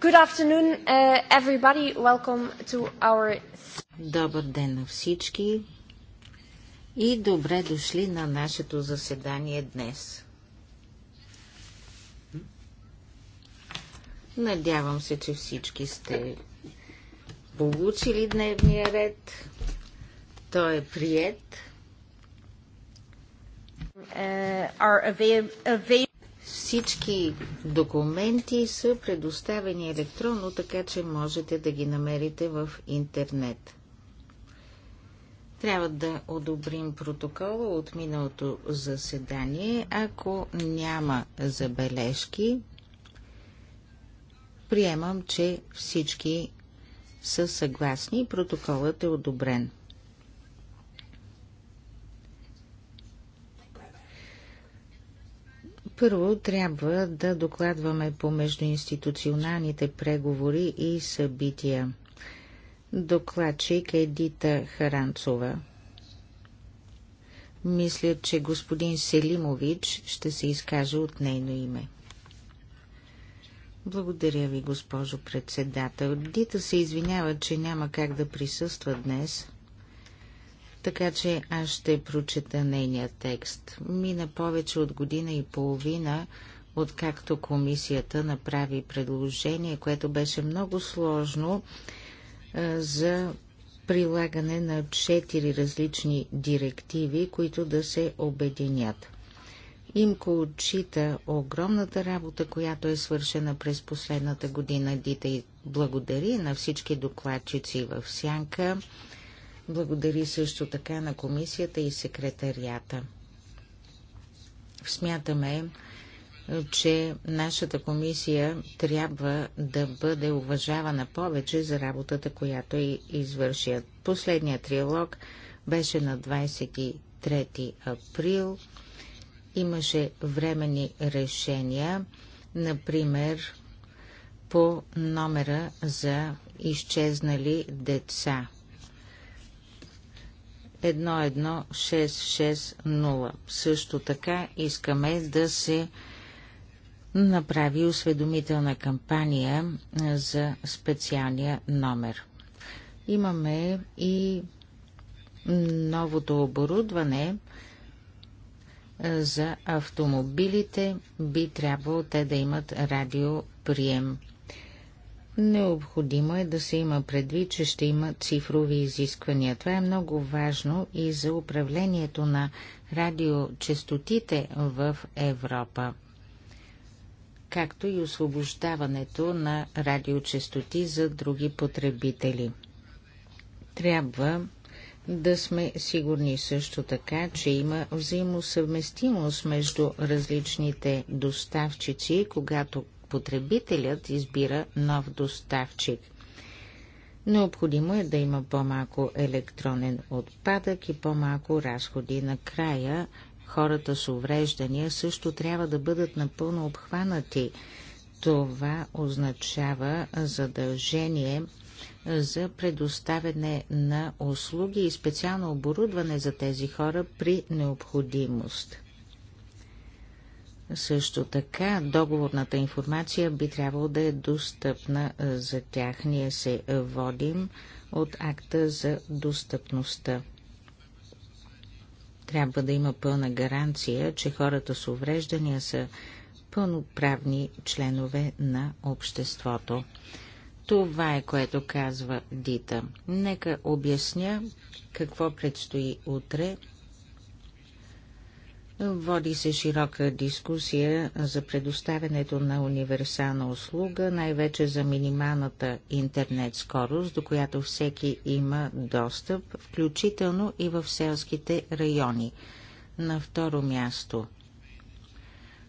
Good afternoon, uh, everybody. Welcome to our... Добър ден на всички и добре дошли на нашето заседание днес. Надявам се, че всички сте получили дневния ред. Той е прият. Uh, всички документи са предоставени електронно, така че можете да ги намерите в интернет. Трябва да одобрим протокола от миналото заседание. Ако няма забележки, приемам, че всички са съгласни и протоколът е одобрен. Първо трябва да докладваме по междуинституционалните преговори и събития. Докладчик Едита Харанцова. Мисля, че господин Селимович ще се изкаже от нейно име. Благодаря ви, госпожо председател. Дита се извинява, че няма как да присъства днес така че аз ще прочета нейния текст. Мина повече от година и половина, откакто комисията направи предложение, което беше много сложно а, за прилагане на четири различни директиви, които да се обединят. Имко отчита огромната работа, която е свършена през последната година. Дита и благодари на всички докладчици в Сянка. Благодари също така на комисията и секретарията. Смятаме, че нашата комисия трябва да бъде уважавана повече за работата, която и е извърши. Последният триалог беше на 23 април. Имаше времени решения, например по номера за изчезнали деца. 11660. Също така искаме да се направи осведомителна кампания за специалния номер. Имаме и новото оборудване за автомобилите. Би трябвало те да имат радиоприем. Необходимо е да се има предвид, че ще има цифрови изисквания. Това е много важно и за управлението на радиочестотите в Европа, както и освобождаването на радиочестоти за други потребители. Трябва да сме сигурни също така, че има взаимосъвместимост между различните доставчици, когато потребителят избира нов доставчик. Необходимо е да има по-малко електронен отпадък и по-малко разходи. Накрая хората с увреждания също трябва да бъдат напълно обхванати. Това означава задължение за предоставяне на услуги и специално оборудване за тези хора при необходимост. Също така, договорната информация би трябвало да е достъпна за тях. Ние се водим от акта за достъпността. Трябва да има пълна гаранция, че хората с увреждания са пълноправни членове на обществото. Това е което казва Дита. Нека обясня какво предстои утре Води се широка дискусия за предоставянето на универсална услуга, най-вече за минималната интернет скорост, до която всеки има достъп, включително и в селските райони. На второ място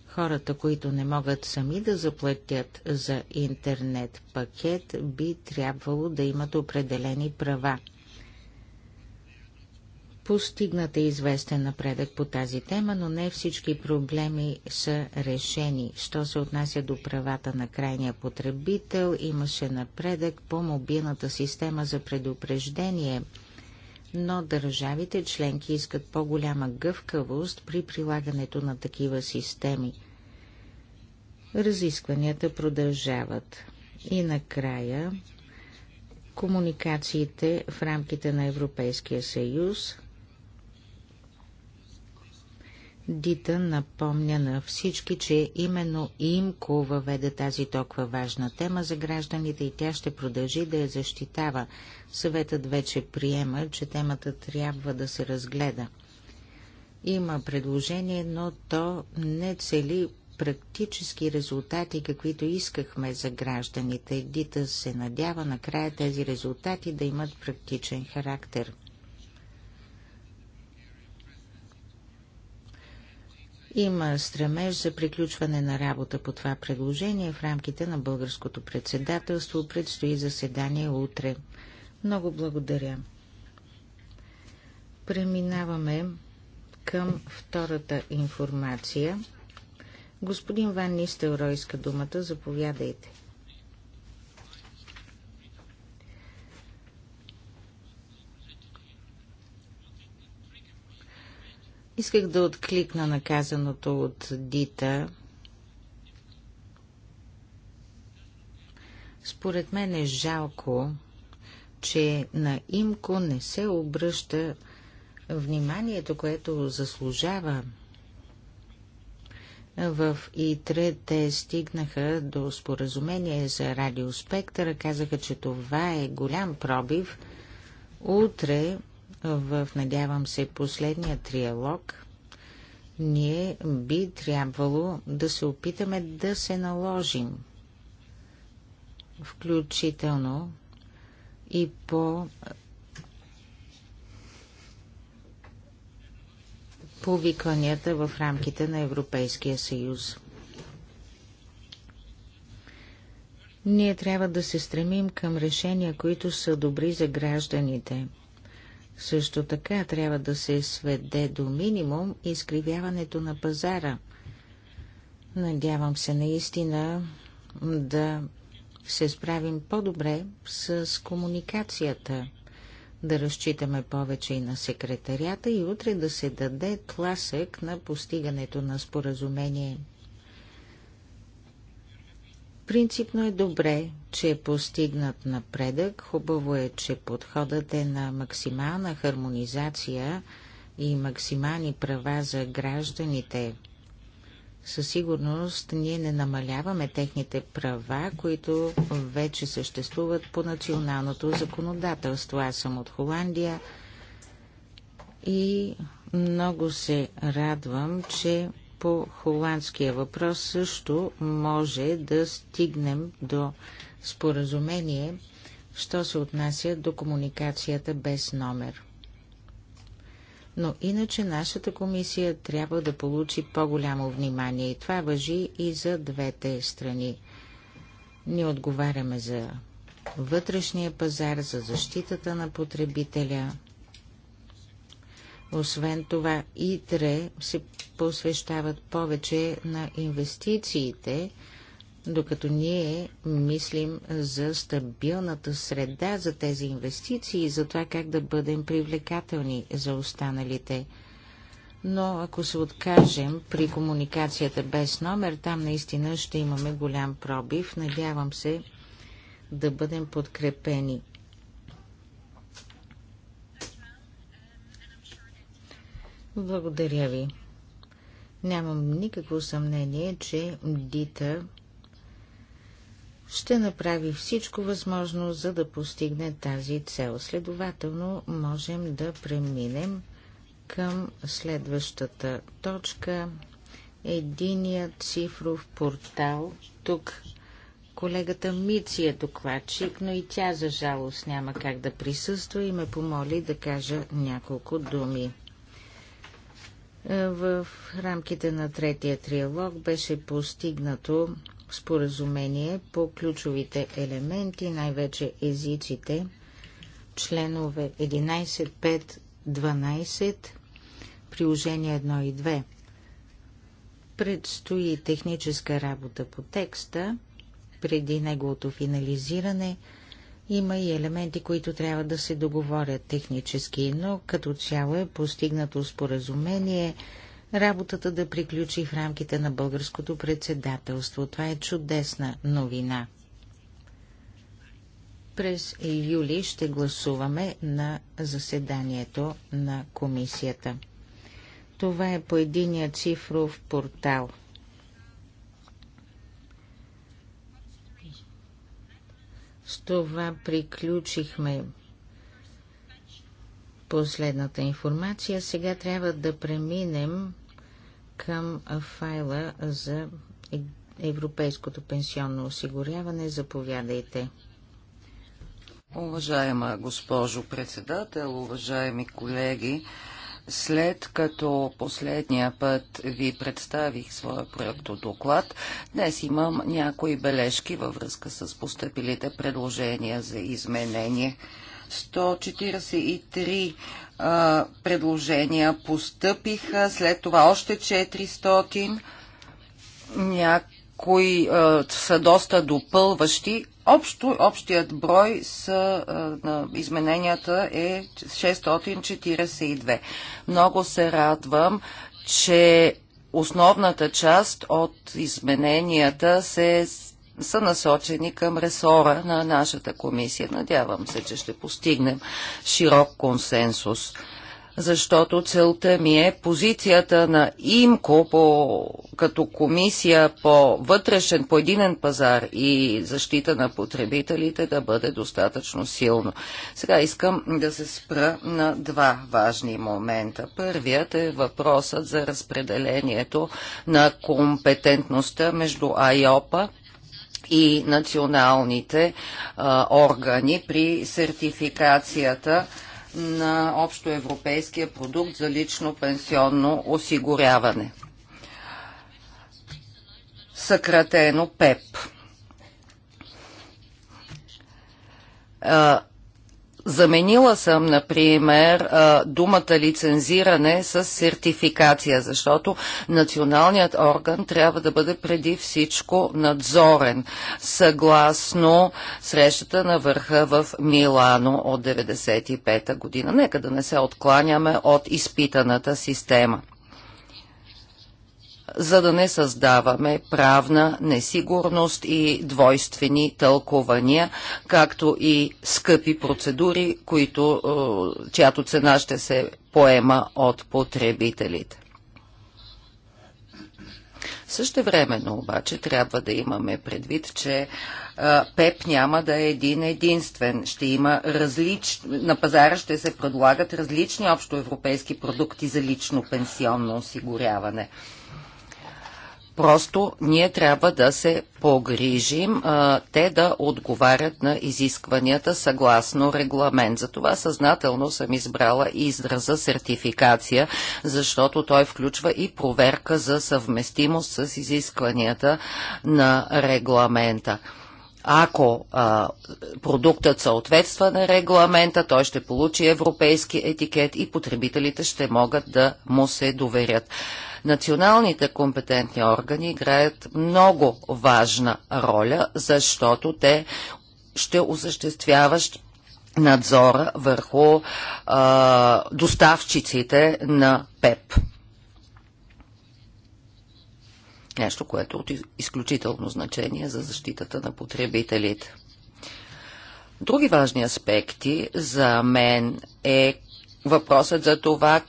хората, които не могат сами да заплатят за интернет пакет, би трябвало да имат определени права. Постигнат е известен напредък по тази тема, но не всички проблеми са решени. Що се отнася до правата на крайния потребител, имаше напредък по мобилната система за предупреждение, но държавите членки искат по-голяма гъвкавост при прилагането на такива системи. Разискванията продължават. И накрая комуникациите в рамките на Европейския съюз. Дита напомня на всички, че именно имко въведе тази толкова важна тема за гражданите и тя ще продължи да я защитава. Съветът вече приема, че темата трябва да се разгледа. Има предложение, но то не цели практически резултати, каквито искахме за гражданите. Дита се надява накрая тези резултати да имат практичен характер. Има стремеж за приключване на работа по това предложение в рамките на българското председателство. Предстои заседание утре. Много благодаря. Преминаваме към втората информация. Господин Ван Нистелро иска думата. Заповядайте. Исках да откликна наказаното от Дита. Според мен е жалко, че на Имко не се обръща вниманието, което заслужава. В ИТРЕ те стигнаха до споразумение за радиоспектъра, казаха, че това е голям пробив. Утре в, надявам се, последния триалог, ние би трябвало да се опитаме да се наложим, включително и по повикванията в рамките на Европейския съюз. Ние трябва да се стремим към решения, които са добри за гражданите – също така трябва да се сведе до минимум изкривяването на пазара. Надявам се наистина да се справим по-добре с комуникацията, да разчитаме повече и на секретарята, и утре да се даде тласък на постигането на споразумение. Принципно е добре, че е постигнат напредък. Хубаво е, че подходът е на максимална хармонизация и максимални права за гражданите. Със сигурност ние не намаляваме техните права, които вече съществуват по националното законодателство. Аз съм от Холандия и много се радвам, че по холандския въпрос също може да стигнем до споразумение, що се отнася до комуникацията без номер. Но иначе нашата комисия трябва да получи по-голямо внимание и това въжи и за двете страни. Ние отговаряме за вътрешния пазар, за защитата на потребителя – освен това, ИТРЕ се посвещават повече на инвестициите, докато ние мислим за стабилната среда за тези инвестиции и за това как да бъдем привлекателни за останалите. Но ако се откажем при комуникацията без номер, там наистина ще имаме голям пробив. Надявам се да бъдем подкрепени. Благодаря ви. Нямам никакво съмнение, че Дита ще направи всичко възможно, за да постигне тази цел. Следователно, можем да преминем към следващата точка. Единият цифров портал. Тук колегата Мици е докладчик, но и тя за жалост няма как да присъства и ме помоли да кажа няколко думи. Е, в рамките на третия триалог беше постигнато споразумение по ключовите елементи, най-вече езиците, членове 11, 5, 12, приложение 1 и 2. Предстои техническа работа по текста преди неговото финализиране – има и елементи, които трябва да се договорят технически, но като цяло е постигнато споразумение работата да приключи в рамките на българското председателство. Това е чудесна новина. През юли ще гласуваме на заседанието на комисията. Това е по единия цифров портал – С това приключихме последната информация. Сега трябва да преминем към файла за европейското пенсионно осигуряване. Заповядайте. Уважаема госпожо председател, уважаеми колеги, след като последния път ви представих своя от доклад, днес имам някои бележки във връзка с поступилите предложения за изменение. 143 а, предложения постъпиха, след това още 400. Някои а, са доста допълващи, Общо, общият брой с а, на измененията е 642. Много се радвам, че основната част от измененията се са насочени към ресора на нашата комисия. Надявам се, че ще постигнем широк консенсус защото целта ми е позицията на ИМКО по, като комисия по вътрешен, по единен пазар и защита на потребителите да бъде достатъчно силно. Сега искам да се спра на два важни момента. Първият е въпросът за разпределението на компетентността между АЙОПА и националните а, органи при сертификацията на общоевропейския продукт за лично пенсионно осигуряване. Съкратено ПЕП. Заменила съм, например, думата лицензиране с сертификация, защото националният орган трябва да бъде преди всичко надзорен, съгласно срещата на върха в Милано от 1995 година. Нека да не се откланяме от изпитаната система за да не създаваме правна несигурност и двойствени тълкования, както и скъпи процедури, които, е, чиято цена ще се поема от потребителите. Също времено обаче трябва да имаме предвид, че е, ПЕП няма да е един единствен. Ще има различ... На пазара ще се предлагат различни общоевропейски продукти за лично пенсионно осигуряване. Просто ние трябва да се погрижим а, те да отговарят на изискванията съгласно регламент. Затова съзнателно съм избрала и израза сертификация, защото той включва и проверка за съвместимост с изискванията на регламента. Ако а, продуктът съответства на регламента, той ще получи европейски етикет и потребителите ще могат да му се доверят. Националните компетентни органи играят много важна роля, защото те ще осъществяват надзора върху а, доставчиците на ПЕП нещо, което е от изключително значение за защитата на потребителите. Други важни аспекти за мен е въпросът за това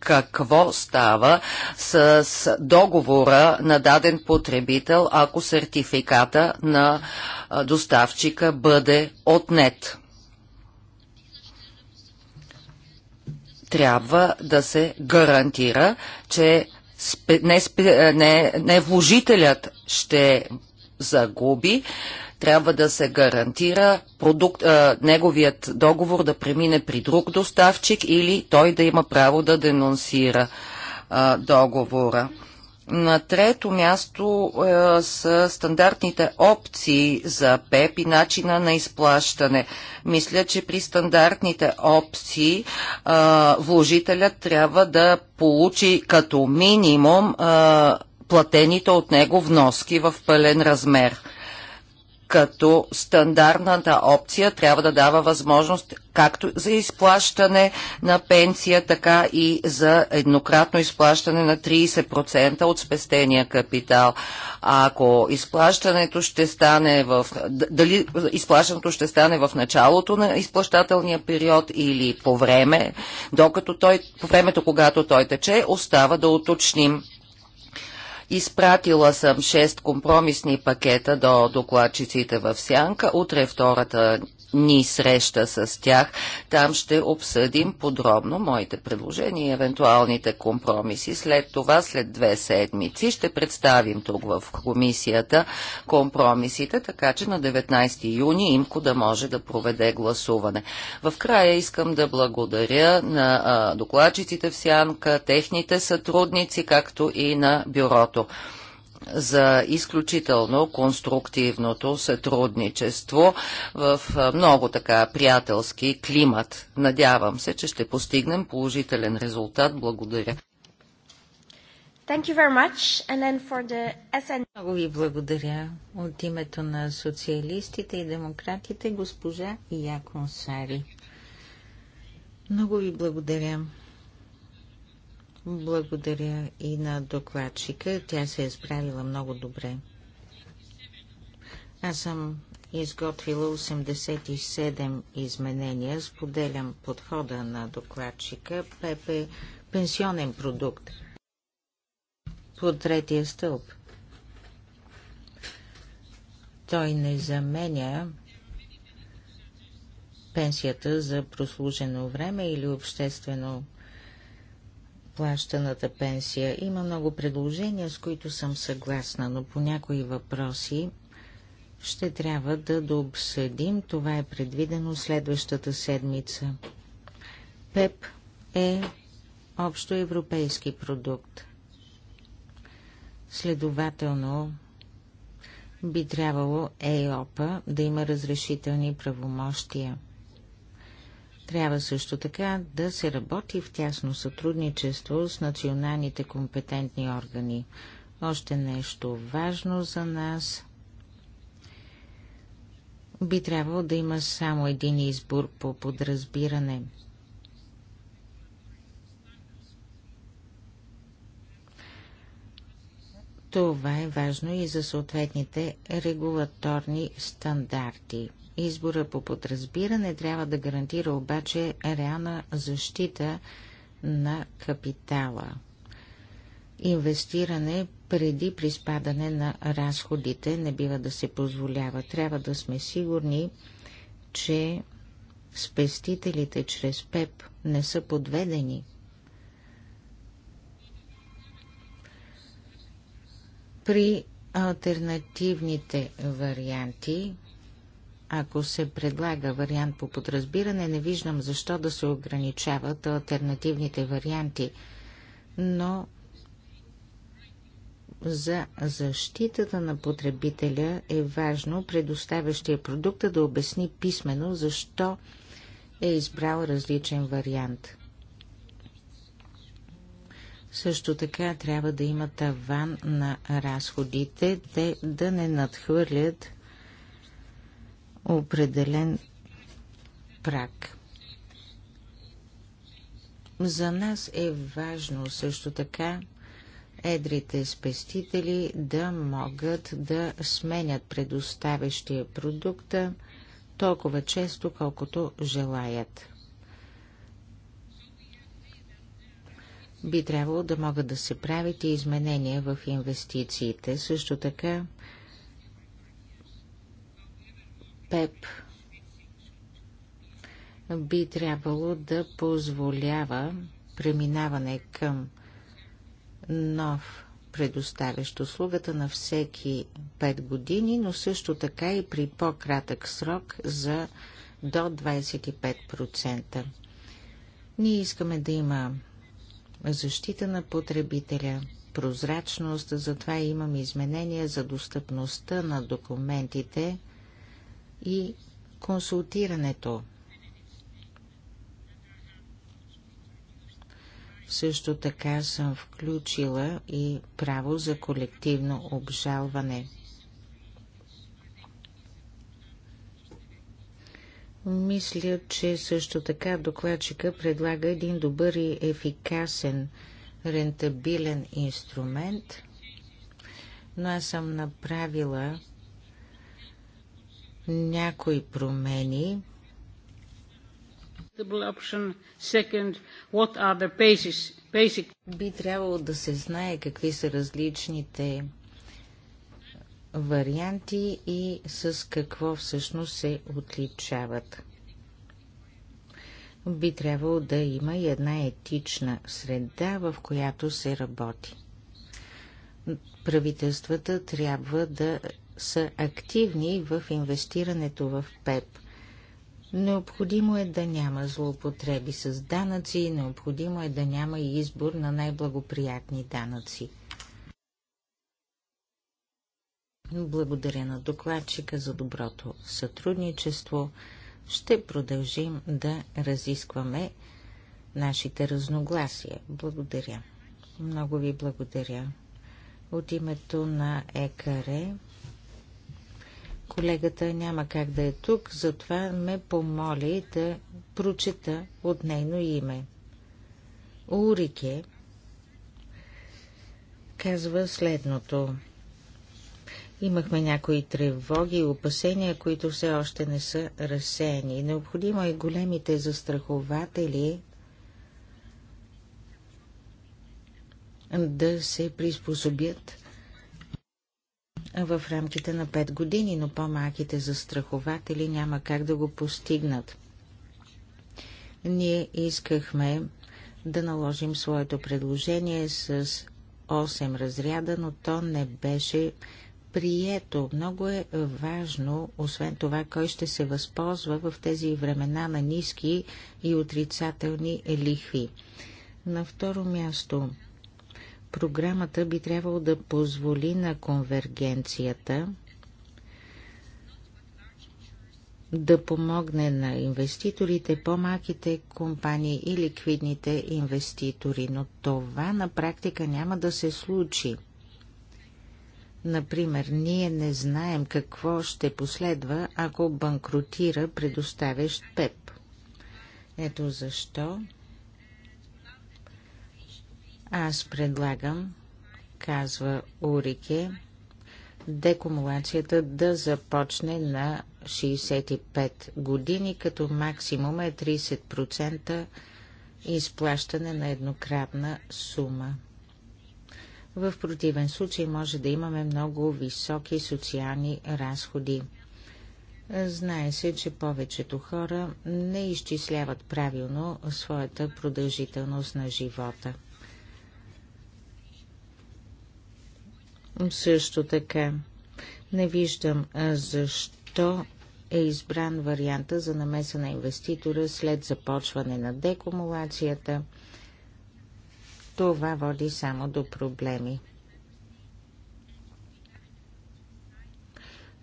какво става с договора на даден потребител, ако сертификата на доставчика бъде отнет. Трябва да се гарантира, че не, е, не, не вложителят ще загуби, трябва да се гарантира продукт, а, е, неговият договор да премине при друг доставчик или той да има право да денонсира а, е, договора. На трето място е, са стандартните опции за ПЕП и начина на изплащане. Мисля, че при стандартните опции е, вложителят трябва да получи като минимум е, платените от него вноски в пълен размер като стандартната опция трябва да дава възможност както за изплащане на пенсия, така и за еднократно изплащане на 30% от спестения капитал. А ако изплащането ще стане в, дали изплащането ще стане в началото на изплащателния период или по време, докато той, по времето, когато той тече, остава да уточним. Изпратила съм 6 компромисни пакета до докладчиците в Сянка. Утре втората ни среща с тях. Там ще обсъдим подробно моите предложения и евентуалните компромиси. След това, след две седмици, ще представим тук в комисията компромисите, така че на 19 юни имко да може да проведе гласуване. В края искам да благодаря на докладчиците в Сянка, техните сътрудници, както и на бюрото за изключително конструктивното сътрудничество в много така приятелски климат. Надявам се, че ще постигнем положителен резултат. Благодаря. Thank you very much. And then for the SN... Много ви благодаря от името на социалистите и демократите, госпожа Яко Сари. Много ви благодаря. Благодаря и на докладчика. Тя се е справила много добре. Аз съм изготвила 87 изменения. Споделям подхода на докладчика. ПП е пенсионен продукт по третия стълб. Той не заменя пенсията за прослужено време или обществено плащаната пенсия. Има много предложения, с които съм съгласна, но по някои въпроси ще трябва да дообсъдим. Това е предвидено следващата седмица. ПЕП е общо европейски продукт. Следователно, би трябвало ЕОПА да има разрешителни правомощия – трябва също така да се работи в тясно сътрудничество с националните компетентни органи. Още нещо важно за нас би трябвало да има само един избор по подразбиране. Това е важно и за съответните регулаторни стандарти – Избора по подразбиране трябва да гарантира обаче реална защита на капитала. Инвестиране преди приспадане на разходите не бива да се позволява. Трябва да сме сигурни, че спестителите чрез ПЕП не са подведени. При альтернативните варианти ако се предлага вариант по подразбиране, не виждам защо да се ограничават альтернативните варианти, но за защитата на потребителя е важно предоставящия продукта да обясни писменно защо е избрал различен вариант. Също така трябва да има таван на разходите, те да не надхвърлят определен прак. За нас е важно също така едрите спестители да могат да сменят предоставящия продукта толкова често, колкото желаят. Би трябвало да могат да се правят и изменения в инвестициите. Също така ПЕП би трябвало да позволява преминаване към нов предоставящ услугата на всеки 5 години, но също така и при по-кратък срок за до 25%. Ние искаме да има защита на потребителя, прозрачност, затова имаме изменения за достъпността на документите – и консултирането. Също така съм включила и право за колективно обжалване. Мисля, че също така докладчика предлага един добър и ефикасен, рентабилен инструмент, но аз съм направила някои промени. Би трябвало да се знае какви са различните варианти и с какво всъщност се отличават. Би трябвало да има и една етична среда, в която се работи. Правителствата трябва да са активни в инвестирането в ПЕП. Необходимо е да няма злоупотреби с данъци, необходимо е да няма и избор на най-благоприятни данъци. Благодаря на докладчика за доброто сътрудничество. Ще продължим да разискваме нашите разногласия. Благодаря. Много ви благодаря. От името на ЕКАРЕ Колегата няма как да е тук, затова ме помоли да прочета от нейно име. Урике казва следното. Имахме някои тревоги и опасения, които все още не са разсеяни. Необходимо е големите застрахователи да се приспособят в рамките на 5 години, но по-малките застрахователи няма как да го постигнат. Ние искахме да наложим своето предложение с 8 разряда, но то не беше прието. Много е важно, освен това, кой ще се възползва в тези времена на ниски и отрицателни лихви. На второ място, Програмата би трябвало да позволи на конвергенцията да помогне на инвеститорите, по-малките компании и ликвидните инвеститори, но това на практика няма да се случи. Например, ние не знаем какво ще последва, ако банкротира предоставящ ПЕП. Ето защо аз предлагам, казва Урике, декумулацията да започне на 65 години, като максимум е 30% изплащане на еднократна сума. В противен случай може да имаме много високи социални разходи. Знае се, че повечето хора не изчисляват правилно своята продължителност на живота. Също така, не виждам защо е избран варианта за намеса на инвеститора след започване на декумулацията. Това води само до проблеми.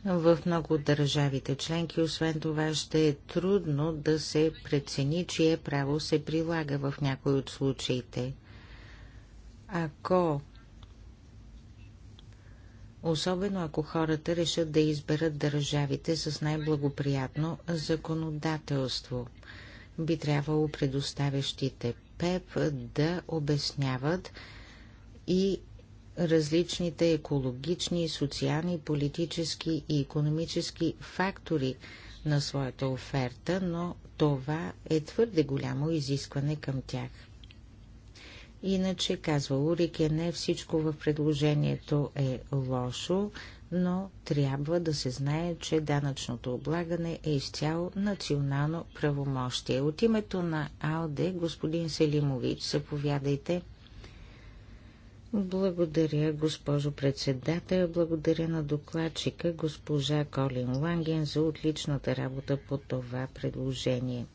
В много от държавите членки, освен това, ще е трудно да се прецени, чие право се прилага в някои от случаите. Ако особено ако хората решат да изберат държавите с най-благоприятно законодателство. Би трябвало предоставящите ПЕП да обясняват и различните екологични, социални, политически и економически фактори на своята оферта, но това е твърде голямо изискване към тях. Иначе, казва Урике, не всичко в предложението е лошо, но трябва да се знае, че данъчното облагане е изцяло национално правомощие. От името на АЛДЕ, господин Селимович, заповядайте. Благодаря, госпожо председател. Благодаря на докладчика, госпожа Колин Ланген, за отличната работа по това предложение.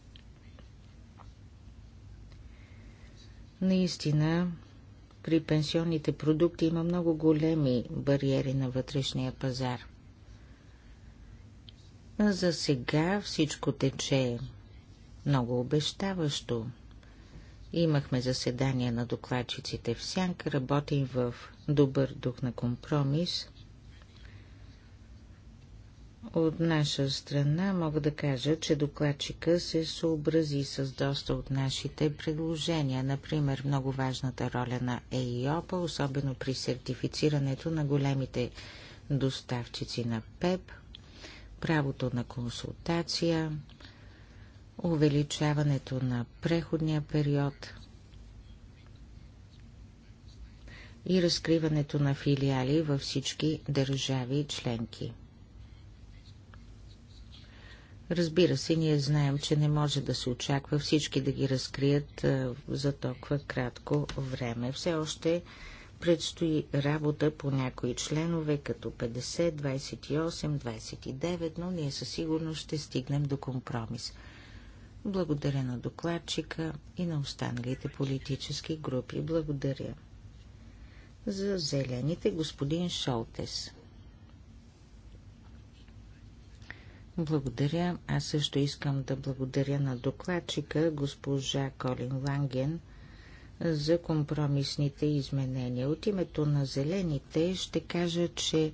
Наистина, при пенсионните продукти има много големи бариери на вътрешния пазар. За сега всичко тече много обещаващо. Имахме заседание на докладчиците в Сянка, работим в добър дух на компромис – от наша страна мога да кажа, че докладчика се съобрази с доста от нашите предложения, например много важната роля на ЕИОПа, особено при сертифицирането на големите доставчици на ПЕП, правото на консултация, увеличаването на преходния период и разкриването на филиали във всички държави членки. Разбира се, ние знаем, че не може да се очаква всички да ги разкрият за толкова кратко време. Все още предстои работа по някои членове, като 50, 28, 29, но ние със сигурност ще стигнем до компромис. Благодаря на докладчика и на останалите политически групи. Благодаря. За зелените господин Шолтес. Благодаря. Аз също искам да благодаря на докладчика госпожа Колин Ланген за компромисните изменения. От името на зелените ще кажа, че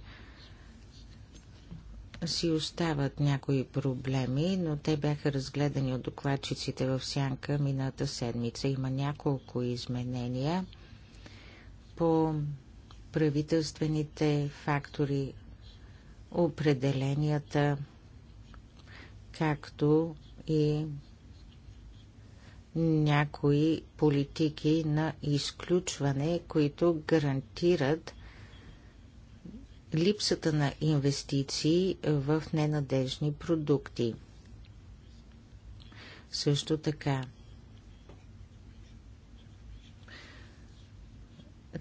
си остават някои проблеми, но те бяха разгледани от докладчиците в сянка мината седмица. Има няколко изменения по правителствените фактори, определенията, както и някои политики на изключване, които гарантират липсата на инвестиции в ненадежни продукти. Също така,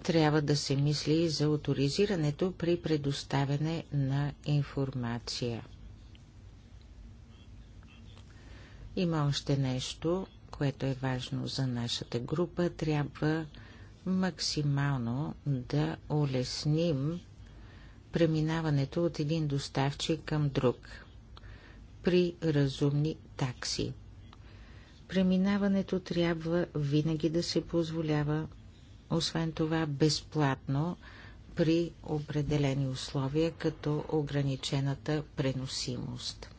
трябва да се мисли за авторизирането при предоставяне на информация – Има още нещо, което е важно за нашата група. Трябва максимално да улесним преминаването от един доставчик към друг при разумни такси. Преминаването трябва винаги да се позволява, освен това безплатно, при определени условия, като ограничената преносимост.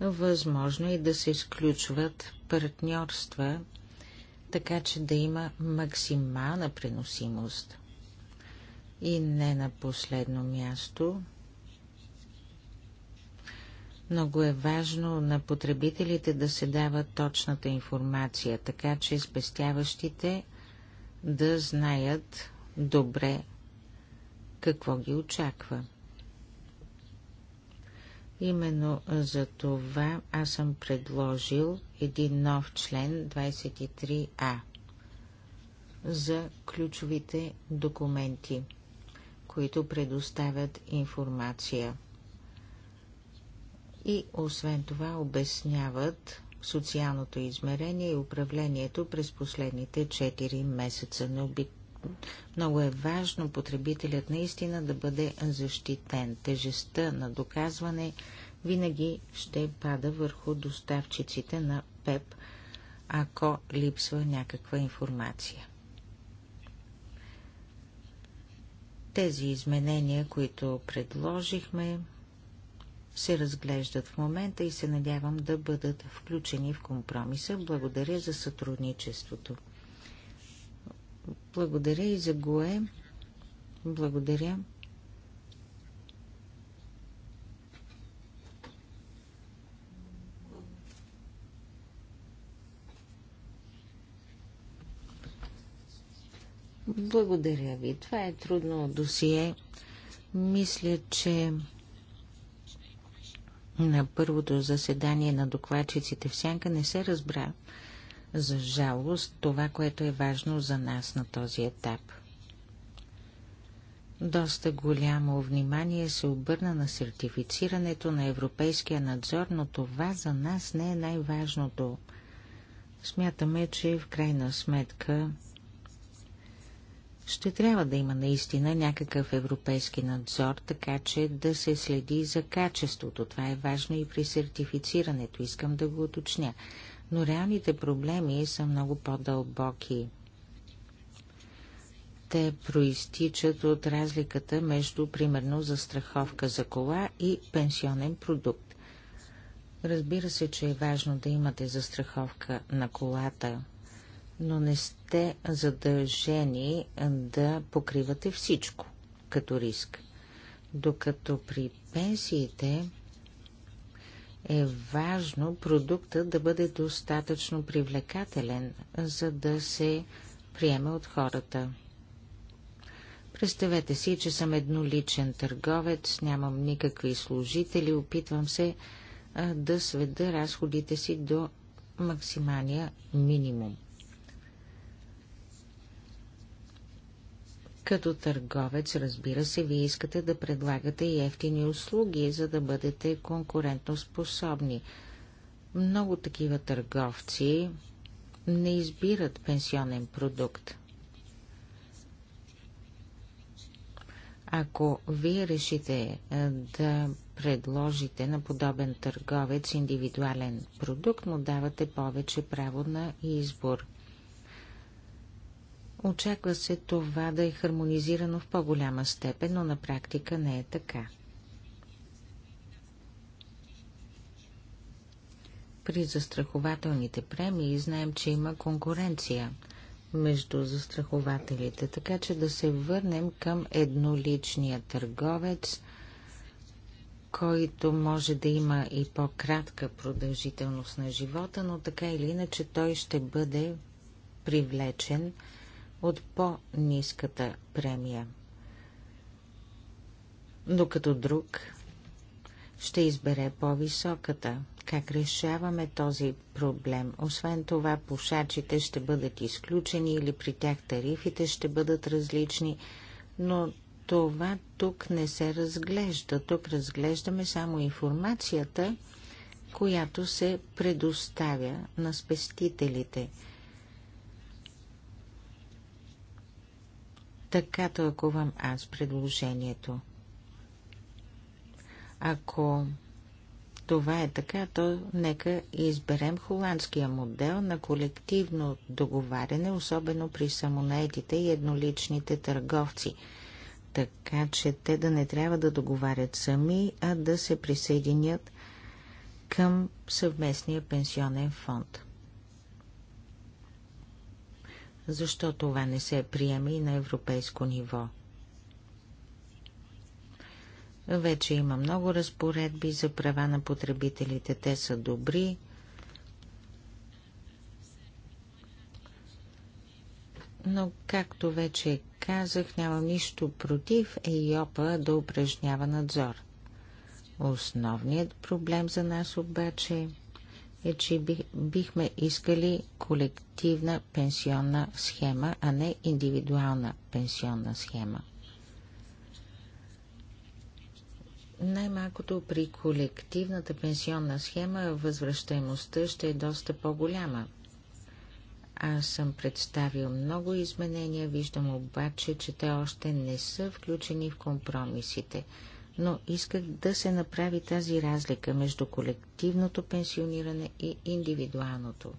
възможно и е да се изключват партньорства, така че да има максимална преносимост. И не на последно място, много е важно на потребителите да се дава точната информация, така че спестяващите да знаят добре какво ги очаква. Именно за това аз съм предложил един нов член 23А за ключовите документи, които предоставят информация. И освен това обясняват социалното измерение и управлението през последните 4 месеца. на обикновението. Много е важно потребителят наистина да бъде защитен. Тежестта на доказване винаги ще пада върху доставчиците на ПЕП, ако липсва някаква информация. Тези изменения, които предложихме, се разглеждат в момента и се надявам да бъдат включени в компромиса. Благодаря за сътрудничеството. Благодаря и за Гое. Благодаря. Благодаря ви. Това е трудно досие. Мисля, че на първото заседание на докладчиците в Сянка не се разбра за жалост, това, което е важно за нас на този етап. Доста голямо внимание се обърна на сертифицирането на европейския надзор, но това за нас не е най-важното. Смятаме, че в крайна сметка ще трябва да има наистина някакъв европейски надзор, така че да се следи за качеството. Това е важно и при сертифицирането. Искам да го уточня но реалните проблеми са много по-дълбоки. Те проистичат от разликата между, примерно, застраховка за кола и пенсионен продукт. Разбира се, че е важно да имате застраховка на колата, но не сте задължени да покривате всичко като риск. Докато при пенсиите е важно продукта да бъде достатъчно привлекателен, за да се приеме от хората. Представете си, че съм едноличен търговец, нямам никакви служители, опитвам се да сведа разходите си до максималния минимум. Като търговец, разбира се, вие искате да предлагате и ефтини услуги, за да бъдете конкурентно способни. Много такива търговци не избират пенсионен продукт. Ако вие решите е, да предложите на подобен търговец индивидуален продукт, му давате повече право на избор. Очаква се това да е хармонизирано в по-голяма степен, но на практика не е така. При застрахователните премии знаем, че има конкуренция между застрахователите, така че да се върнем към едноличния търговец, който може да има и по-кратка продължителност на живота, но така или иначе той ще бъде привлечен от по-низката премия. Докато друг ще избере по-високата. Как решаваме този проблем? Освен това, пушачите ще бъдат изключени или при тях тарифите ще бъдат различни, но това тук не се разглежда. Тук разглеждаме само информацията, която се предоставя на спестителите – Така тълкувам аз предложението. Ако това е така, то нека изберем холандския модел на колективно договаряне, особено при самонаетите и едноличните търговци, така че те да не трябва да договарят сами, а да се присъединят към съвместния пенсионен фонд. Защо това не се приеме и на европейско ниво? Вече има много разпоредби за права на потребителите. Те са добри. Но, както вече казах, нямам нищо против ЕИОПА да упражнява надзор. Основният проблем за нас обаче е е, че бих, бихме искали колективна пенсионна схема, а не индивидуална пенсионна схема. Най-малкото при колективната пенсионна схема възвръщаемостта ще е доста по-голяма. Аз съм представил много изменения, виждам обаче, че те още не са включени в компромисите – но исках да се направи тази разлика между колективното пенсиониране и индивидуалното.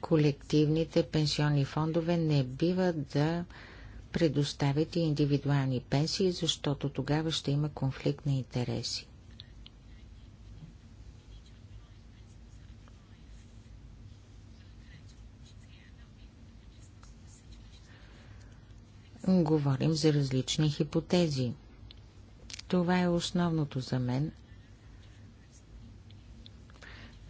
Колективните пенсионни фондове не бива да предоставят индивидуални пенсии, защото тогава ще има конфликт на интереси. говорим за различни хипотези. Това е основното за мен.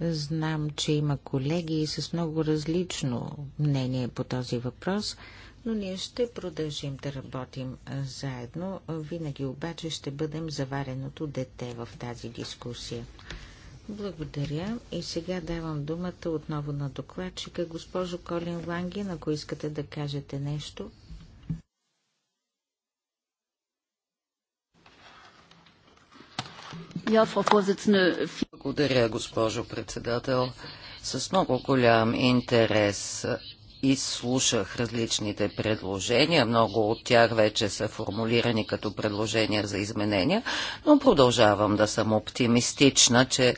Знам, че има колеги с много различно мнение по този въпрос, но ние ще продължим да работим заедно. Винаги обаче ще бъдем завареното дете в тази дискусия. Благодаря и сега давам думата отново на докладчика, госпожо Колин Ланги, ако искате да кажете нещо. Благодаря, госпожо председател. С много голям интерес изслушах различните предложения. Много от тях вече са формулирани като предложения за изменения, но продължавам да съм оптимистична, че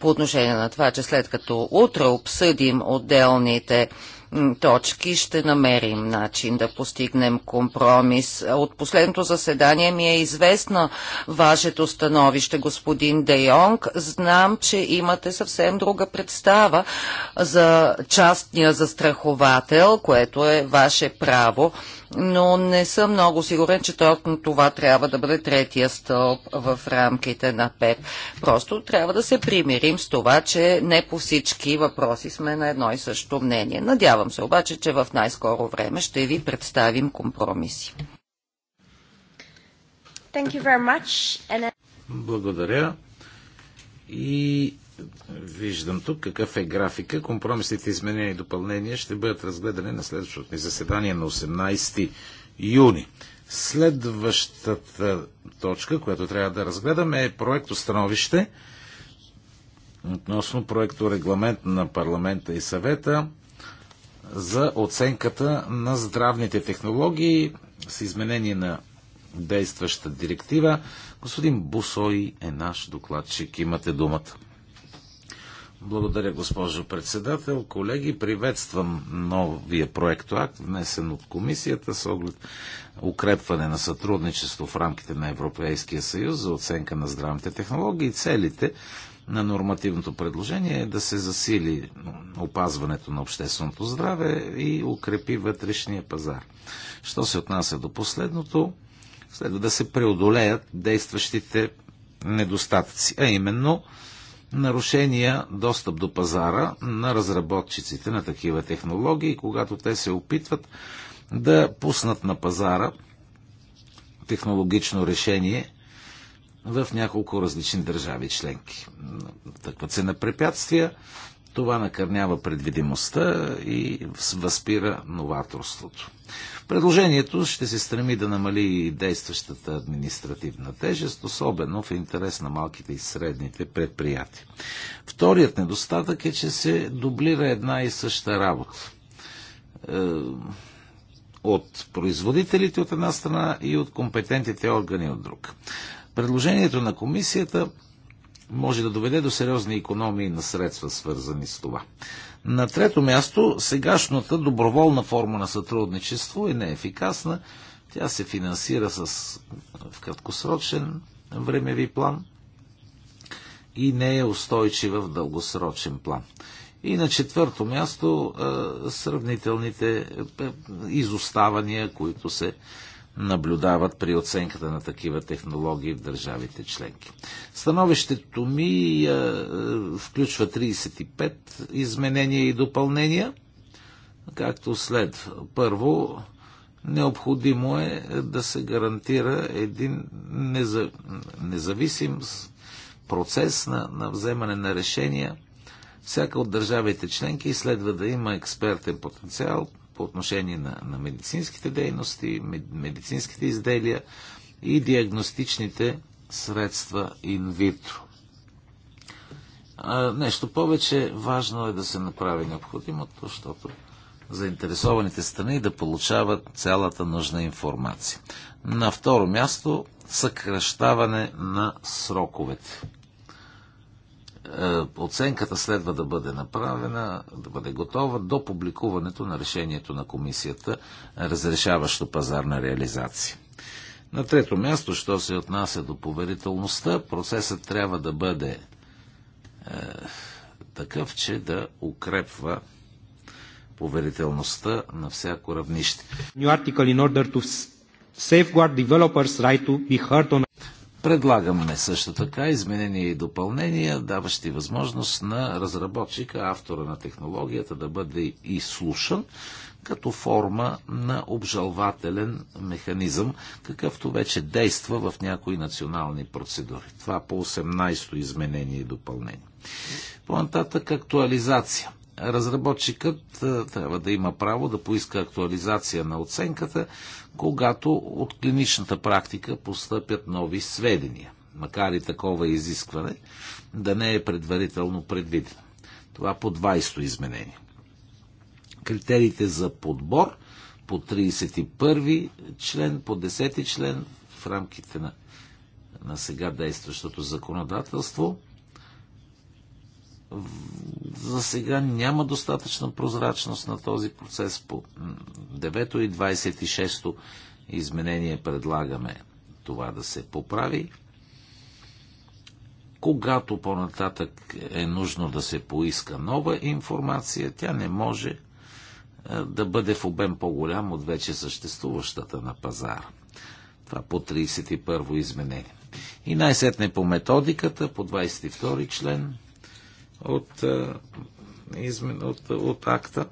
по отношение на това, че след като утре обсъдим отделните точки ще намерим начин да постигнем компромис. От последното заседание ми е известно вашето становище, господин Де Йонг. Знам, че имате съвсем друга представа за частния застраховател, което е ваше право, но не съм много сигурен, че точно това трябва да бъде третия стълб в рамките на ПЕП. Просто трябва да се примирим с това, че не по всички въпроси сме на едно и също мнение. Надявам Надявам се обаче, че в най-скоро време ще ви представим компромиси. Благодаря. И виждам тук какъв е графика. Компромисните изменения и допълнения ще бъдат разгледани на следващото ни заседание на 18 юни. Следващата точка, която трябва да разгледаме е проекто становище относно проекто регламент на парламента и съвета за оценката на здравните технологии с изменение на действаща директива. Господин Бусой е наш докладчик. Имате думата. Благодаря, госпожо председател. Колеги, приветствам новия проект акт, внесен от комисията с оглед укрепване на сътрудничество в рамките на Европейския съюз за оценка на здравните технологии и целите на нормативното предложение е да се засили опазването на общественото здраве и укрепи вътрешния пазар. Що се отнася до последното, следва да се преодолеят действащите недостатъци, а именно нарушения достъп до пазара на разработчиците на такива технологии, когато те се опитват да пуснат на пазара технологично решение – в няколко различни държави членки. Тъкват се на препятствия, това накърнява предвидимостта и възпира новаторството. Предложението ще се стреми да намали действащата административна тежест, особено в интерес на малките и средните предприятия. Вторият недостатък е, че се дублира една и съща работа. Е, от производителите от една страна и от компетентните органи от друг. Предложението на комисията може да доведе до сериозни економии на средства, свързани с това. На трето място, сегашната доброволна форма на сътрудничество е неефикасна. Тя се финансира с, в краткосрочен времеви план и не е устойчива в дългосрочен план. И на четвърто място сравнителните изоставания, които се наблюдават при оценката на такива технологии в държавите членки. Становището ми е, е, включва 35 изменения и допълнения, както след. Първо, необходимо е да се гарантира един независим процес на, на вземане на решения. Всяка от държавите членки следва да има експертен потенциал, по отношение на, на медицинските дейности, медицинските изделия и диагностичните средства инвитро. Нещо повече важно е да се направи необходимото, защото заинтересованите страни да получават цялата нужна информация. На второ място съкръщаване на сроковете. Е, оценката следва да бъде направена, да бъде готова до публикуването на решението на комисията, разрешаващо пазарна реализация. На трето място, що се отнася до поверителността, процесът трябва да бъде е, такъв, че да укрепва поверителността на всяко равнище. New article in order to safeguard developers' right to be heard on Предлагаме също така изменения и допълнения, даващи възможност на разработчика, автора на технологията да бъде изслушан като форма на обжалвателен механизъм, какъвто вече действа в някои национални процедури. Това по 18-то изменение и допълнение. По-нататък актуализация разработчикът е, трябва да има право да поиска актуализация на оценката, когато от клиничната практика постъпят нови сведения, макар и такова изискване да не е предварително предвидено. Това по 20-то изменение. Критериите за подбор по 31 член, по 10 член в рамките на, на сега действащото законодателство за сега няма достатъчна прозрачност на този процес по 9 и 26 изменение предлагаме това да се поправи. Когато по-нататък е нужно да се поиска нова информация, тя не може е, да бъде в обем по-голям от вече съществуващата на пазара. Това по 31 изменение. И най-сетне по методиката, по 22 член, от, е, от, от акта.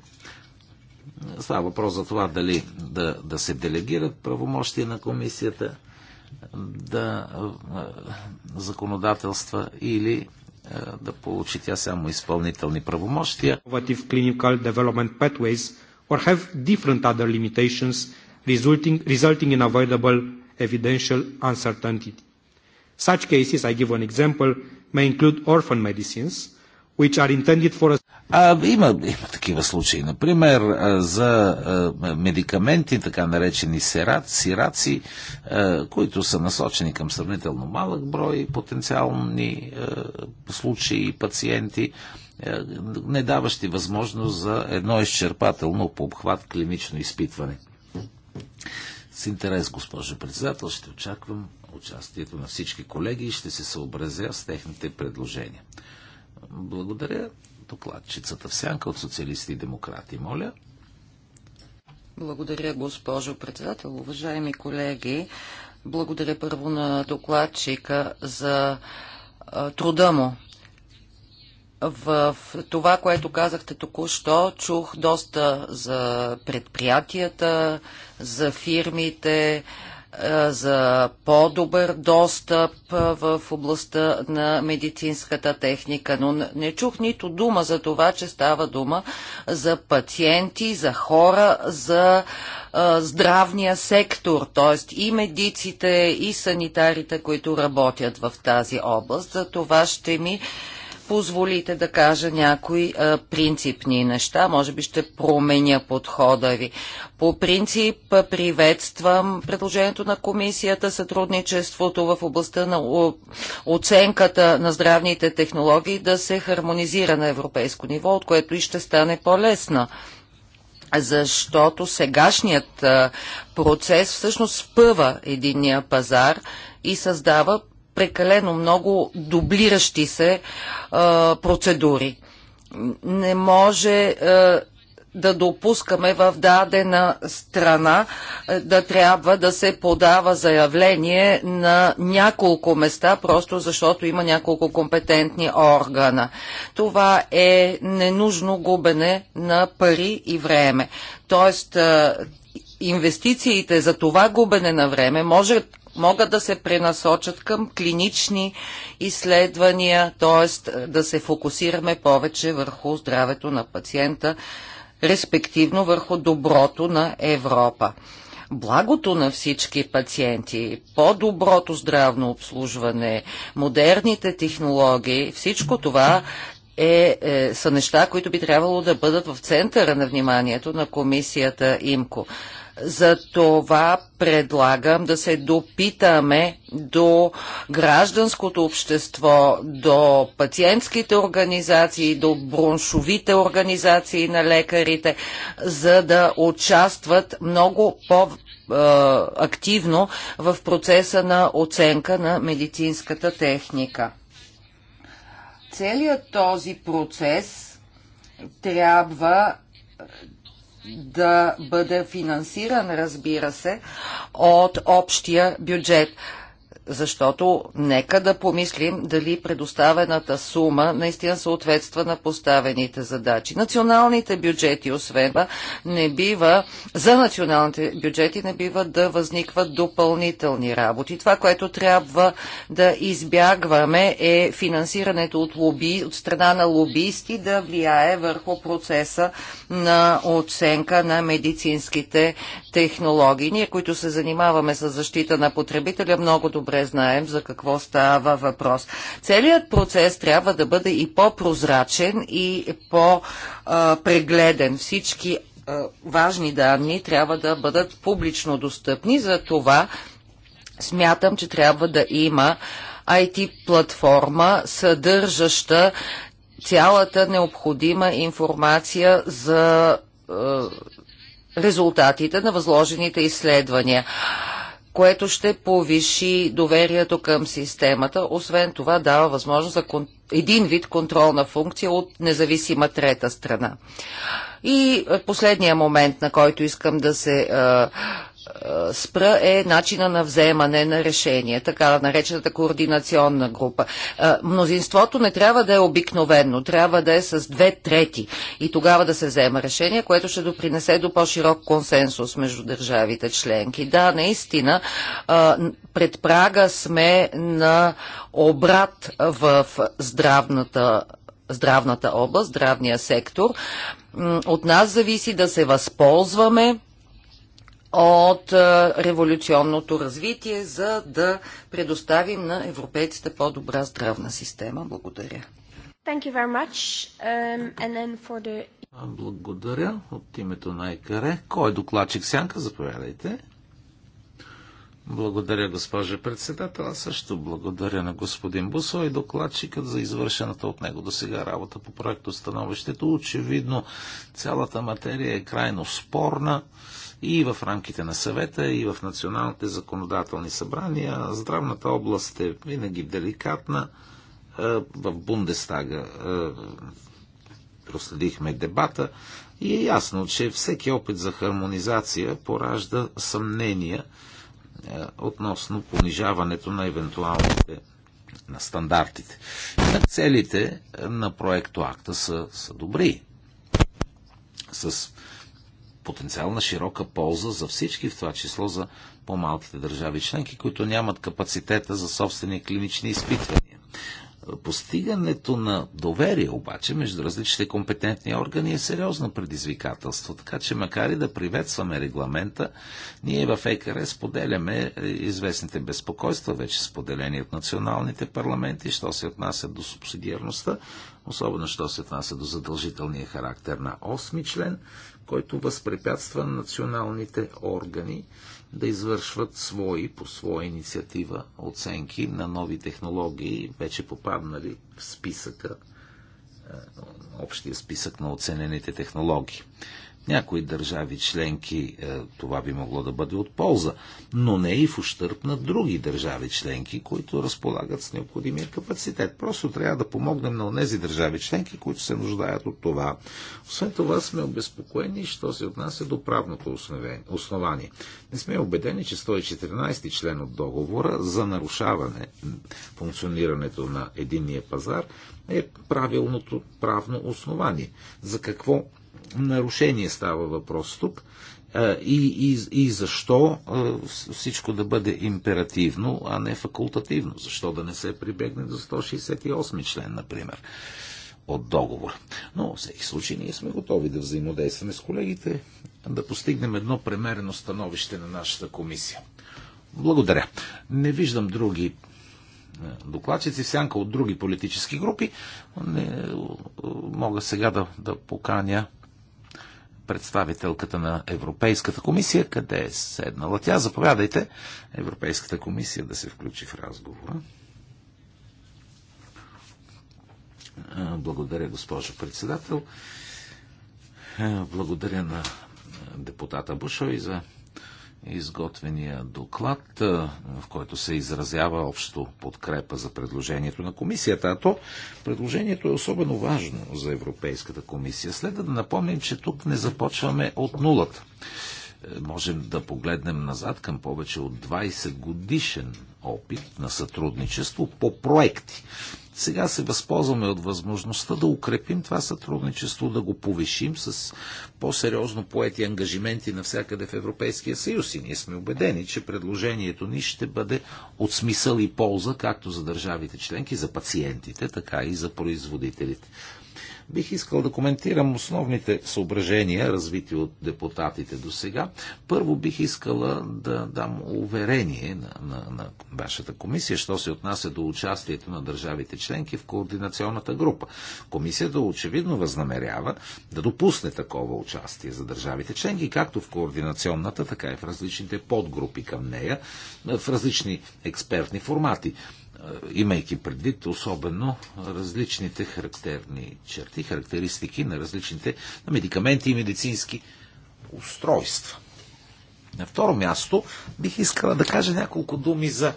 Става въпрос за това дали да, да се делегират правомощия на комисията да е, законодателства или е, да получи тя само изпълнителни правомощия. Such cases, I give an example, may include orphan medicines, which are intended for us. А, има, има такива случаи. Например, за медикаменти, така наречени сират, сираци, които са насочени към сравнително малък брой потенциални случаи и пациенти, не даващи възможност за едно изчерпателно по обхват клинично изпитване. С интерес, госпожо председател, ще очаквам участието на всички колеги и ще се съобразя с техните предложения. Благодаря. Докладчицата в сянка от социалисти и демократи, моля. Благодаря, госпожо председател. Уважаеми колеги, благодаря първо на докладчика за труда му. В това, което казахте току-що, чух доста за предприятията, за фирмите, е, за по-добър достъп е, в областта на медицинската техника, но не чух нито дума за това, че става дума за пациенти, за хора, за е, здравния сектор, т.е. и медиците, и санитарите, които работят в тази област. За това ще ми позволите да кажа някои а, принципни неща. Може би ще променя подхода ви. По принцип приветствам предложението на комисията, сътрудничеството в областта на оценката на здравните технологии да се хармонизира на европейско ниво, от което и ще стане по-лесна защото сегашният процес всъщност спъва единния пазар и създава прекалено много дублиращи се а, процедури. Не може а, да допускаме в дадена страна да трябва да се подава заявление на няколко места, просто защото има няколко компетентни органа. Това е ненужно губене на пари и време. Тоест, инвестициите за това губене на време може могат да се пренасочат към клинични изследвания, т.е. да се фокусираме повече върху здравето на пациента, респективно върху доброто на Европа. Благото на всички пациенти, по-доброто здравно обслужване, модерните технологии, всичко това е, е, са неща, които би трябвало да бъдат в центъра на вниманието на комисията ИМКО. За това предлагам да се допитаме до гражданското общество, до пациентските организации, до броншовите организации на лекарите, за да участват много по- активно в процеса на оценка на медицинската техника. Целият този процес трябва да бъде финансиран, разбира се, от общия бюджет защото нека да помислим дали предоставената сума наистина съответства на поставените задачи. Националните бюджети, освен това, не бива, за националните бюджети не бива да възникват допълнителни работи. Това, което трябва да избягваме е финансирането от, лоби, от страна на лобисти да влияе върху процеса на оценка на медицинските технологии. Ние, които се занимаваме с защита на потребителя, много добре добре знаем за какво става въпрос. Целият процес трябва да бъде и по-прозрачен и по-прегледен. Всички важни данни трябва да бъдат публично достъпни, за това смятам, че трябва да има IT-платформа, съдържаща цялата необходима информация за резултатите на възложените изследвания което ще повиши доверието към системата. Освен това дава възможност за един вид контролна функция от независима трета страна. И е, последния момент, на който искам да се е, спра е начина на вземане на решение, така наречената координационна група. Мнозинството не трябва да е обикновено, трябва да е с две трети и тогава да се взема решение, което ще допринесе до по-широк консенсус между държавите членки. Да, наистина, пред прага сме на обрат в здравната здравната област, здравния сектор. От нас зависи да се възползваме от е, революционното развитие, за да предоставим на европейците по-добра здравна система. Благодаря. Thank you very much. Um, and then for the... Благодаря от името на ЕКАРЕ. Кой е докладчик Сянка? Заповядайте. Благодаря, госпожа председател. Аз също благодаря на господин Бусо и докладчикът за извършената от него до сега работа по проекто становището. Очевидно, цялата материя е крайно спорна и в рамките на съвета, и в националните законодателни събрания. Здравната област е винаги деликатна. Е, в Бундестага е, проследихме дебата и е ясно, че всеки опит за хармонизация поражда съмнения е, относно понижаването на евентуалните на стандартите. Целите на проекто акта са, са добри. С потенциална широка полза за всички, в това число за по-малките държави членки, които нямат капацитета за собствени клинични изпитвания. Постигането на доверие обаче между различните компетентни органи е сериозно предизвикателство, така че макар и да приветстваме регламента, ние в ЕКР споделяме е, известните безпокойства, вече споделени от националните парламенти, що се отнася до субсидиарността, особено що се отнася до задължителния характер на 8 член който възпрепятства националните органи да извършват свои, по своя инициатива, оценки на нови технологии, вече попаднали в списъка, е, общия списък на оценените технологии някои държави членки е, това би могло да бъде от полза, но не и в ущърп на други държави членки, които разполагат с необходимия капацитет. Просто трябва да помогнем на тези държави членки, които се нуждаят от това. Освен това сме обезпокоени, що се отнася до правното основание. Не сме убедени, че 114 член от договора за нарушаване функционирането на единния пазар е правилното правно основание. За какво нарушение става въпрос тук и, и, и защо всичко да бъде императивно, а не факултативно. Защо да не се прибегне до 168 член, например, от договор. Но в всеки случай ние сме готови да взаимодействаме с колегите, да постигнем едно премерено становище на нашата комисия. Благодаря. Не виждам други докладчици, сянка от други политически групи. Не, мога сега да, да поканя представителката на Европейската комисия. Къде е седнала тя? Заповядайте Европейската комисия да се включи в разговора. Благодаря, госпожо председател. Благодаря на депутата Бушови за изготвения доклад, в който се изразява общо подкрепа за предложението на комисията. А то предложението е особено важно за Европейската комисия. Следва да напомним, че тук не започваме от нулата. Е, можем да погледнем назад към повече от 20 годишен опит на сътрудничество по проекти сега се възползваме от възможността да укрепим това сътрудничество, да го повишим с по-сериозно поети ангажименти навсякъде в Европейския съюз. И ние сме убедени, че предложението ни ще бъде от смисъл и полза както за държавите членки, за пациентите, така и за производителите. Бих искал да коментирам основните съображения, развити от депутатите до сега. Първо бих искала да дам уверение на, на, на вашата комисия, що се отнася до участието на държавите членки в координационната група. Комисията очевидно възнамерява да допусне такова участие за държавите членки, както в координационната, така и в различните подгрупи към нея, в различни експертни формати. Е, имайки предвид особено различните характерни черти, характеристики на различните на медикаменти и медицински устройства. На второ място бих искала да кажа няколко думи за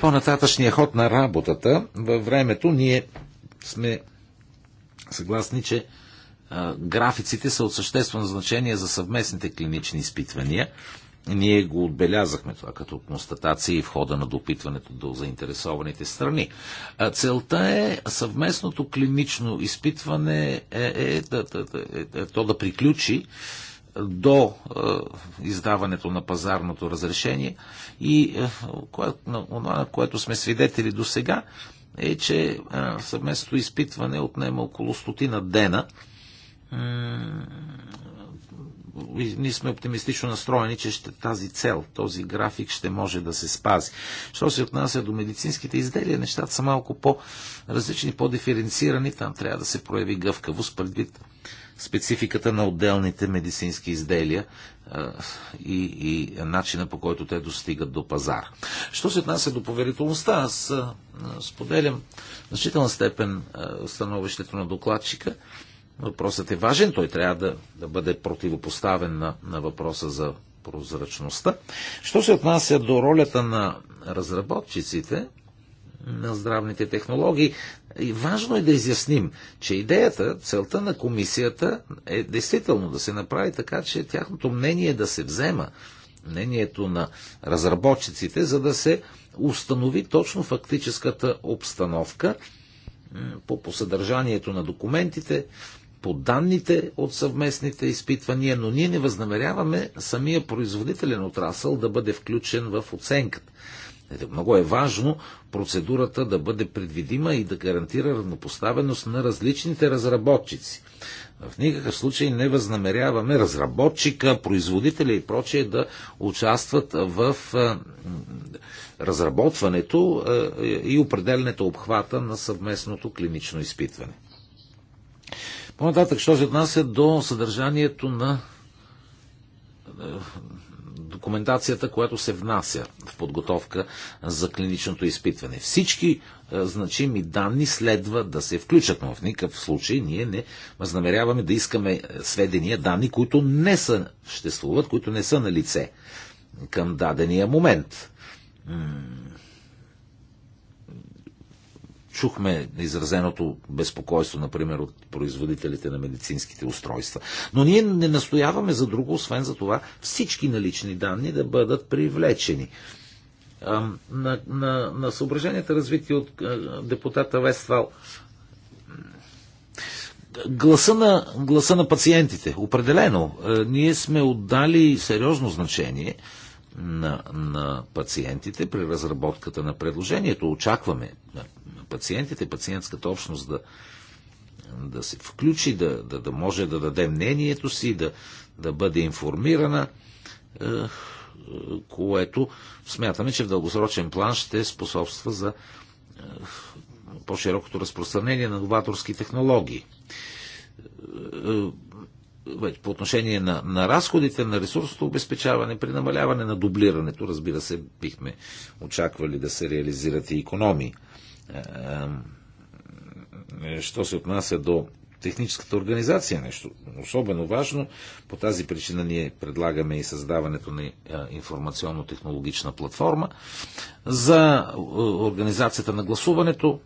по-нататъчния ход на работата. Във времето ние сме съгласни, че е, графиците са от съществено значение за съвместните клинични изпитвания – ние го отбелязахме това като констатации в хода на допитването до заинтересованите страни. Целта е съвместното клинично изпитване е, е, е да, да, да, е, е, то да приключи до е, издаването на пазарното разрешение и е, на, на което сме свидетели до сега е, че е, съвместното изпитване отнема около стотина дена ние сме оптимистично настроени, че ще, тази цел, този график ще може да се спази. Що се отнася до медицинските изделия, нещата са малко по-различни, по-диференцирани. Там трябва да се прояви гъвкавост предвид спецификата на отделните медицински изделия и, и начина по който те достигат до пазара. Що се отнася до поверителността, аз споделям значителна степен становището на докладчика. Въпросът е важен, той трябва да, да бъде противопоставен на, на въпроса за прозрачността. Що се отнася до ролята на разработчиците на здравните технологии, и важно е да изясним, че идеята, целта на комисията е действително да се направи така, че тяхното мнение да се взема, мнението на разработчиците, за да се установи точно фактическата обстановка по, по съдържанието на документите, по данните от съвместните изпитвания, но ние не възнамеряваме самия производителен отрасъл да бъде включен в оценката. Много е важно процедурата да бъде предвидима и да гарантира равнопоставеност на различните разработчици. В никакъв случай не възнамеряваме разработчика, производителя и прочие да участват в е, разработването е, и определенето обхвата на съвместното клинично изпитване. По-нататък, що се отнася до съдържанието на е, документацията, която се внася в подготовка за клиничното изпитване. Всички е, значими данни следва да се включат, но в никакъв случай ние не възнамеряваме да искаме е, сведения, данни, които не съществуват, които не са на лице към дадения момент. Чухме изразеното безпокойство, например, от производителите на медицинските устройства. Но ние не настояваме за друго, освен за това всички налични данни да бъдат привлечени. На, на, на съображенията, развити от депутата Вествал, гласа на, гласа на пациентите. Определено, ние сме отдали сериозно значение на, на пациентите при разработката на предложението. Очакваме пациентите, пациентската общност да, да се включи, да, да, да може да даде мнението си, да, да бъде информирана, е, което смятаме, че в дългосрочен план ще способства за е, по-широкото разпространение на новаторски технологии. Е, по отношение на, на разходите, на ресурсното обезпечаване, при намаляване на дублирането, разбира се, бихме очаквали да се реализират и економии. Е, що се отнася до техническата организация, нещо особено важно. По тази причина ние предлагаме и създаването на е, информационно-технологична платформа за е, организацията на гласуването.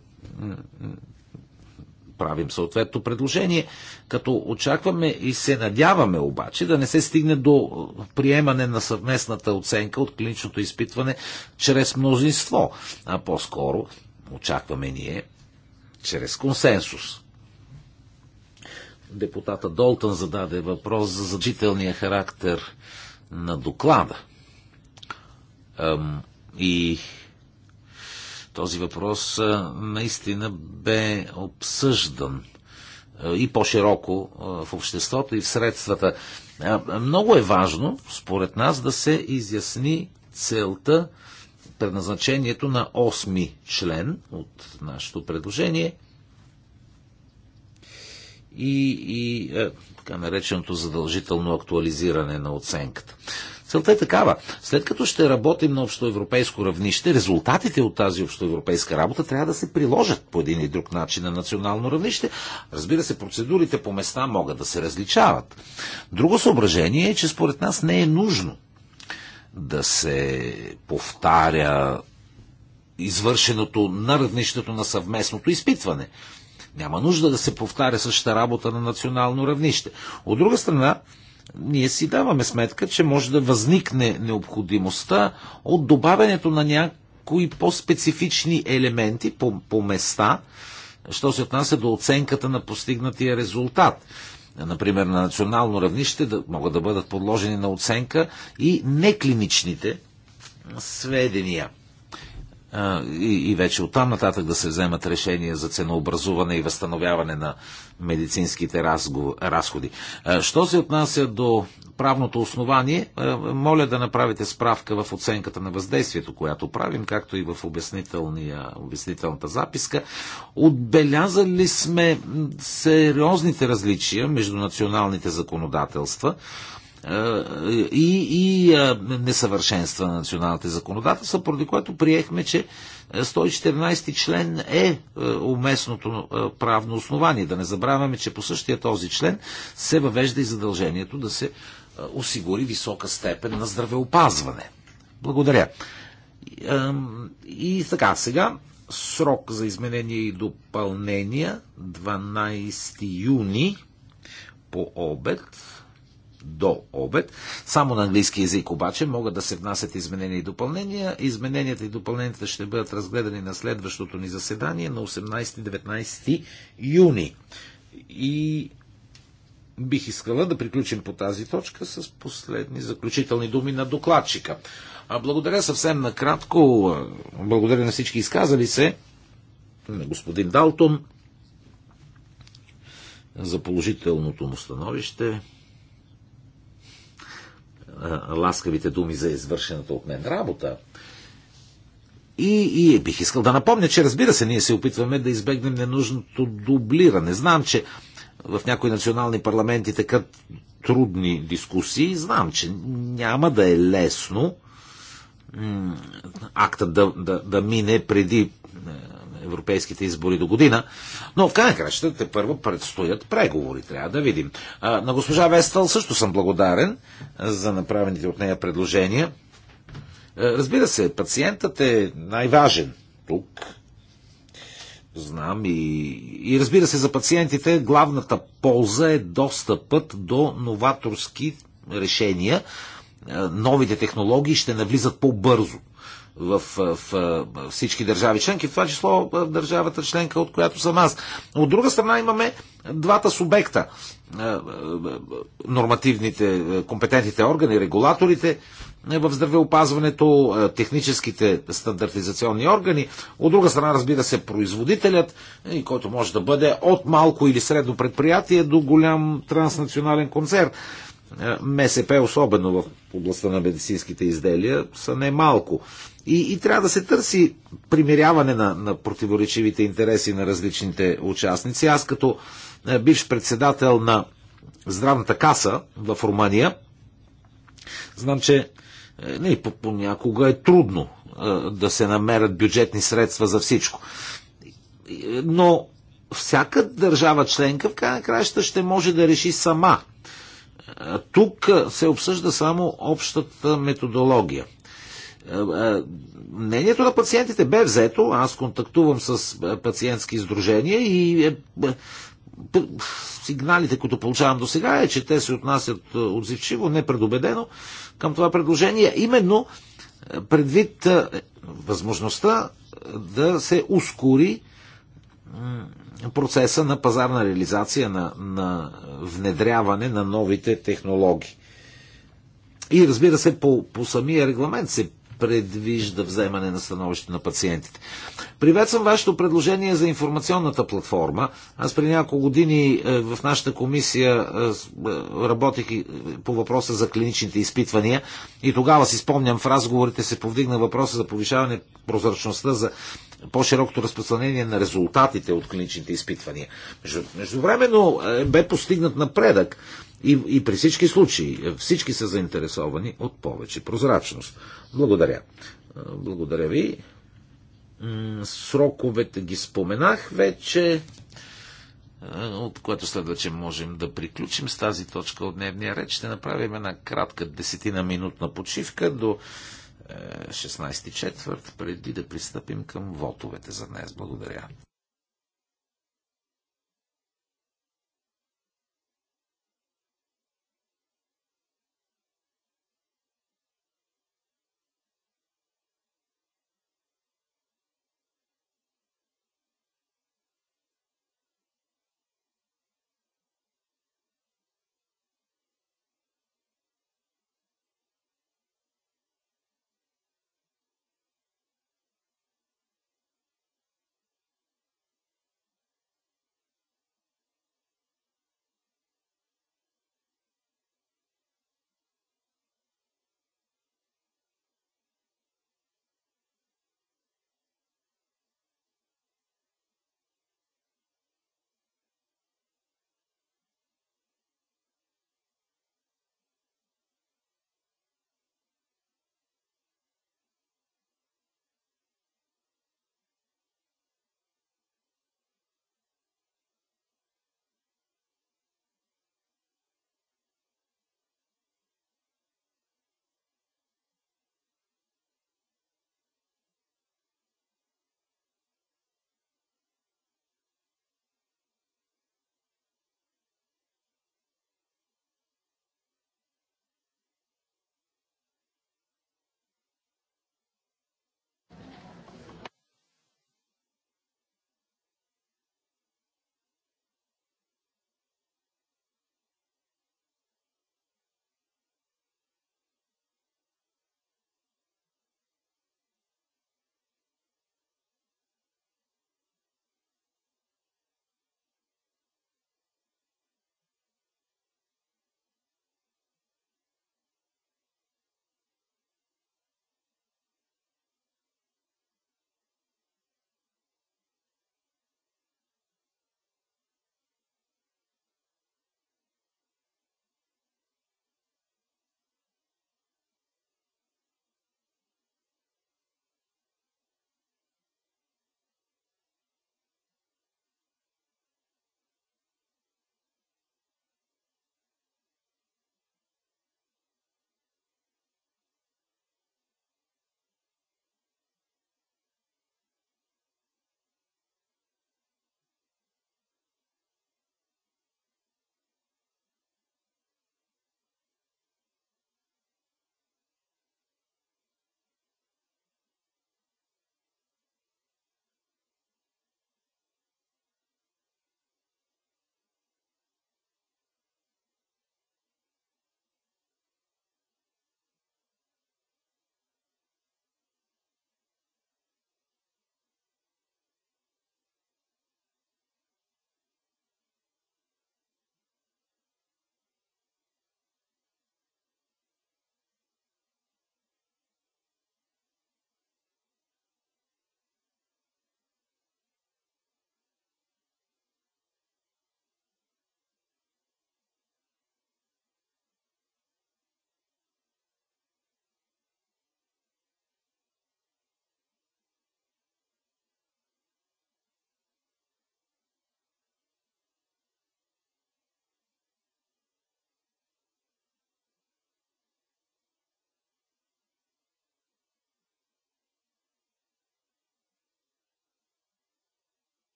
Правим съответно предложение, като очакваме и се надяваме обаче да не се стигне до приемане на съвместната оценка от клиничното изпитване чрез мнозинство, а по-скоро очакваме ние, чрез консенсус. Депутата Долтън зададе въпрос за задължителния характер на доклада. И този въпрос наистина бе обсъждан и по-широко в обществото и в средствата. Много е важно, според нас, да се изясни целта предназначението на 8 член от нашето предложение и, и е, така нареченото задължително актуализиране на оценката. Целта е такава. След като ще работим на общоевропейско равнище, резултатите от тази общоевропейска работа трябва да се приложат по един или друг начин на национално равнище. Разбира се, процедурите по места могат да се различават. Друго съображение е, че според нас не е нужно да се повтаря извършеното на равнището на съвместното изпитване. Няма нужда да се повтаря същата работа на национално равнище. От друга страна, ние си даваме сметка, че може да възникне необходимостта от добавянето на някои по-специфични елементи по, по места, що се отнася до оценката на постигнатия резултат например на национално равнище, да, могат да бъдат подложени на оценка и неклиничните сведения. И, и вече оттам нататък да се вземат решения за ценообразуване и възстановяване на медицинските разходи. Що се отнася до правното основание, е, моля да направите справка в оценката на въздействието, която правим, както и в обяснителната записка. Отбелязали сме сериозните различия между националните законодателства е, и, и е, несъвършенства на националните законодателства, поради което приехме, че 114 член е уместното правно основание. Да не забравяме, че по същия този член се въвежда и задължението да се е, осигури висока степен на здравеопазване. Благодаря. И така, сега срок за изменение и допълнения 12 юни по обед до обед. Само на английски язик обаче могат да се внасят изменения и допълнения. Измененията и допълненията ще бъдат разгледани на следващото ни заседание на 18-19 юни. И бих искала да приключим по тази точка с последни заключителни думи на докладчика. Благодаря съвсем накратко, благодаря на всички изказали се, на господин Далтон за положителното му становище, ласкавите думи за извършената от мен работа. И, и бих искал да напомня, че разбира се, ние се опитваме да избегнем ненужното дублиране. Знам, че в някои национални парламенти така трудни дискусии. Знам, че няма да е лесно акта да, да, да мине преди е, европейските избори до година. Но в крайна краща те първо предстоят преговори, трябва да видим. А, на госпожа Вестал също съм благодарен за направените от нея предложения. Е, разбира се, пациентът е най-важен тук знам. И, и разбира се, за пациентите главната полза е достъпът до новаторски решения. Е, новите технологии ще навлизат по-бързо в, в, в всички държави членки, в това число в държавата членка, от която съм аз. От друга страна имаме двата субекта е, е, нормативните, компетентните органи, регулаторите в здравеопазването, е, техническите стандартизационни органи, от друга страна, разбира се, производителят, е, който може да бъде от малко или средно предприятие до голям транснационален концерт, е, МСП, особено в областта на медицинските изделия, са немалко. И, и трябва да се търси примиряване на, на противоречивите интереси на различните участници. Аз като бивш председател на здравната каса в Румъния, знам, че е, не, понякога е трудно е, да се намерят бюджетни средства за всичко. Е, но всяка държава членка в край на ще може да реши сама. Тук се обсъжда само общата методология. Мнението на пациентите бе взето. Аз контактувам с пациентски издружения и сигналите, които получавам до сега, е, че те се отнасят е, отзивчиво, непредобедено към това предложение, именно е, предвид е, възможността да се ускори процеса на пазарна реализация, на, на внедряване на новите технологии. И разбира се, по, по самия регламент се предвижда вземане на становище на пациентите. Приветствам вашето предложение за информационната платформа. Аз при няколко години е, в нашата комисия е, е, работих по въпроса за клиничните изпитвания и тогава си спомням в разговорите се повдигна въпроса за повишаване прозрачността за по-широкото разпространение на резултатите от клиничните изпитвания. Междувременно бе постигнат напредък и, и при всички случаи всички са заинтересовани от повече прозрачност. Благодаря. Благодаря ви. Сроковете ги споменах вече, от което следва, че можем да приключим с тази точка от дневния ред. Ще направим една кратка десетина минутна почивка до 16 е, четвърт, преди да пристъпим към вотовете за днес. Благодаря.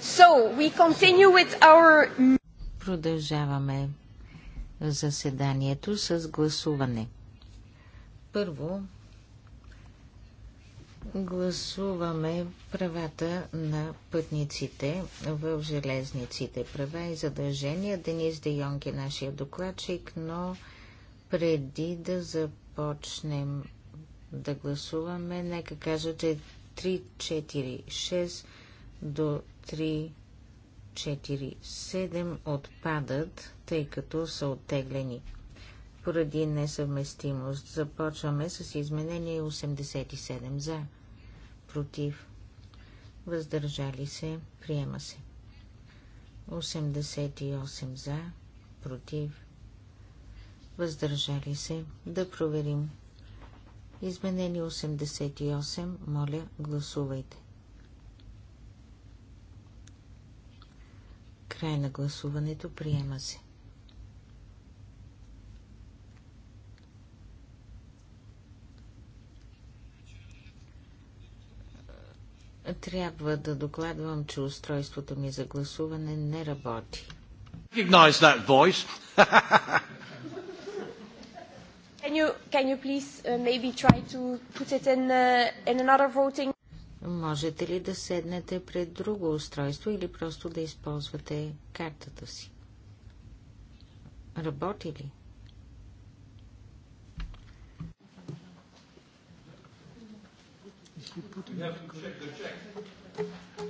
So, we continue with our... Продължаваме заседанието с гласуване. Първо, гласуваме правата на пътниците в железниците. Права и задължения. Денис Де Йонг е нашия докладчик, но преди да започнем да гласуваме, нека кажа, че 3, 4, 6 до 3, 4, 7 отпадат, тъй като са оттеглени. Поради несъвместимост започваме с изменение 87 за, против, въздържали се, приема се. 88 за, против, въздържали се, да проверим Изменение 88. Моля, гласувайте. Край на гласуването. Приема се. Трябва да докладвам, че устройството ми за гласуване не работи. Can you, can you please uh, maybe try to put it in, uh, in another voting? Можете ли да седнете пред друго устройство или просто да използвате картата си? Работи ли?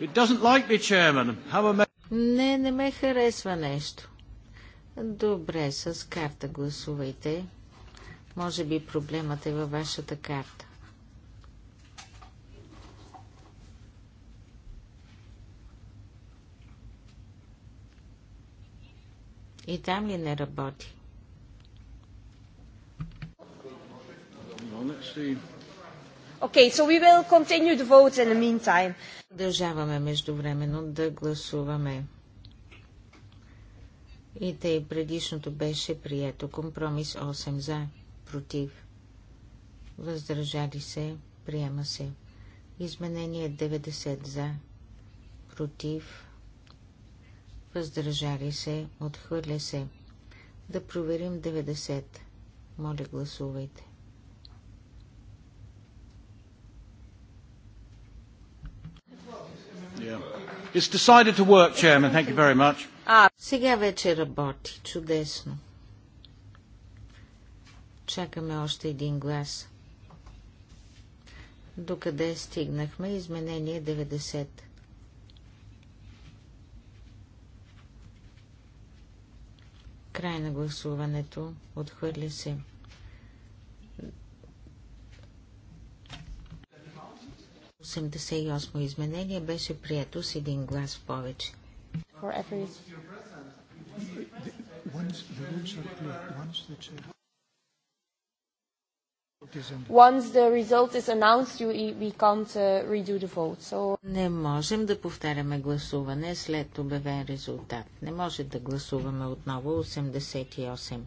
It doesn't like me, Chairman. Не, не ме харесва нещо. Добре, с карта гласувайте. Може би проблемът е във вашата карта. И там ли не работи? Okay, so we will continue the votes in the meantime. Продължаваме междувременно да гласуваме. И тъй предишното беше прието компромис 8 за против, въздържали се, приема се. Изменение 90 за, против, въздържали се, отхвърля се. Да проверим 90. Моля, гласувайте. Yeah. Work, Chairman, Сега вече работи. Чудесно. Чакаме още един глас. Докъде стигнахме? Изменение 90. Край на гласуването. Отхвърля се. Осемдесет изменение беше прието с един глас в повече. Once the result is announced, you, we can't redo the vote. So... Не можем да повтаряме гласуване след обявен резултат. Не може да гласуваме отново 88.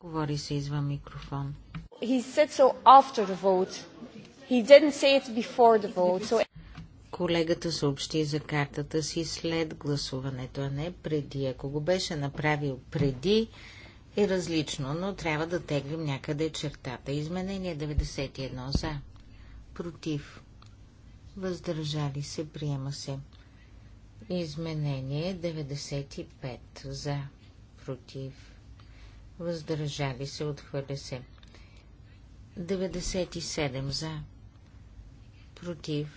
Говори се извън микрофон. He said so after the vote. He didn't say it before the vote. So... Колегата съобщи за картата си след гласуването, а не преди. Ако го беше направил преди, е различно, но трябва да теглим някъде чертата. Изменение 91 за. Против. Въздържали се. Приема се. Изменение 95 за. Против. Въздържали се. Отхвърля се. 97 за. Против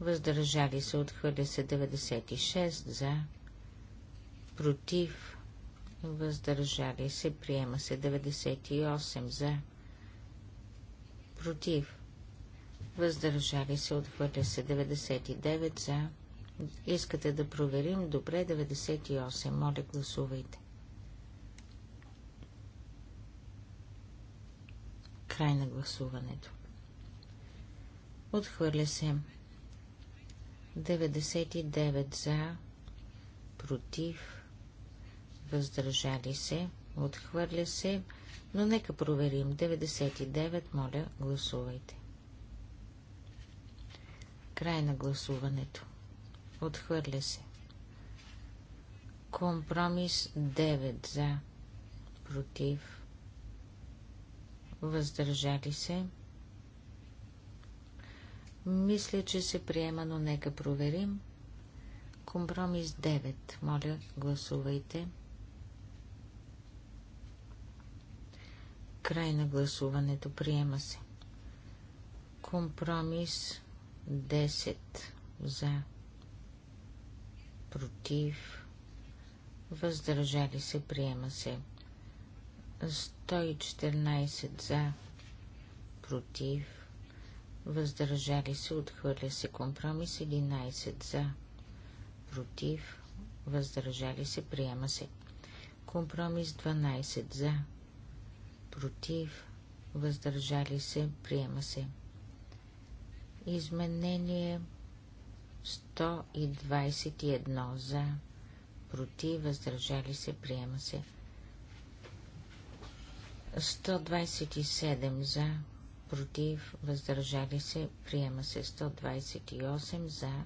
въздържали се, отхвърля се 96 за, против, въздържали се, приема се 98 за, против, въздържали се, отхвърля се 99 за. Искате да проверим? Добре, 98. Моля, гласувайте. Край на гласуването. Отхвърля се 99 за, против, въздържали се, отхвърля се, но нека проверим. 99, моля, гласувайте. Край на гласуването. Отхвърля се. Компромис 9 за, против, въздържали се, мисля, че се приема, но нека проверим. Компромис 9. Моля, гласувайте. Край на гласуването. Приема се. Компромис 10. За. Против. Въздържали се. Приема се. 114 за. Против въздържали се, отхвърля се компромис 11 за, против, въздържали се, приема се. Компромис 12 за, против, въздържали се, приема се. Изменение 121 за, против, въздържали се, приема се. 127 за, против, въздържали се, приема се 128 за,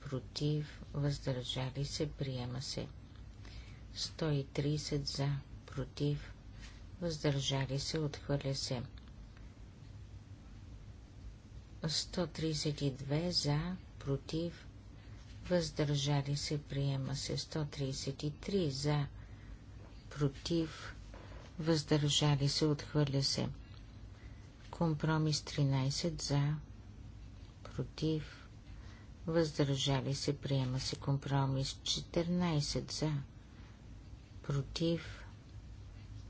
против, въздържали се, приема се 130 за, против, въздържали се, отхвърля се 132 за, против, въздържали се, приема се 133 за, против, въздържали се, отхвърля се Компромис 13 за, против, въздържали се, приема се. Компромис 14 за, против,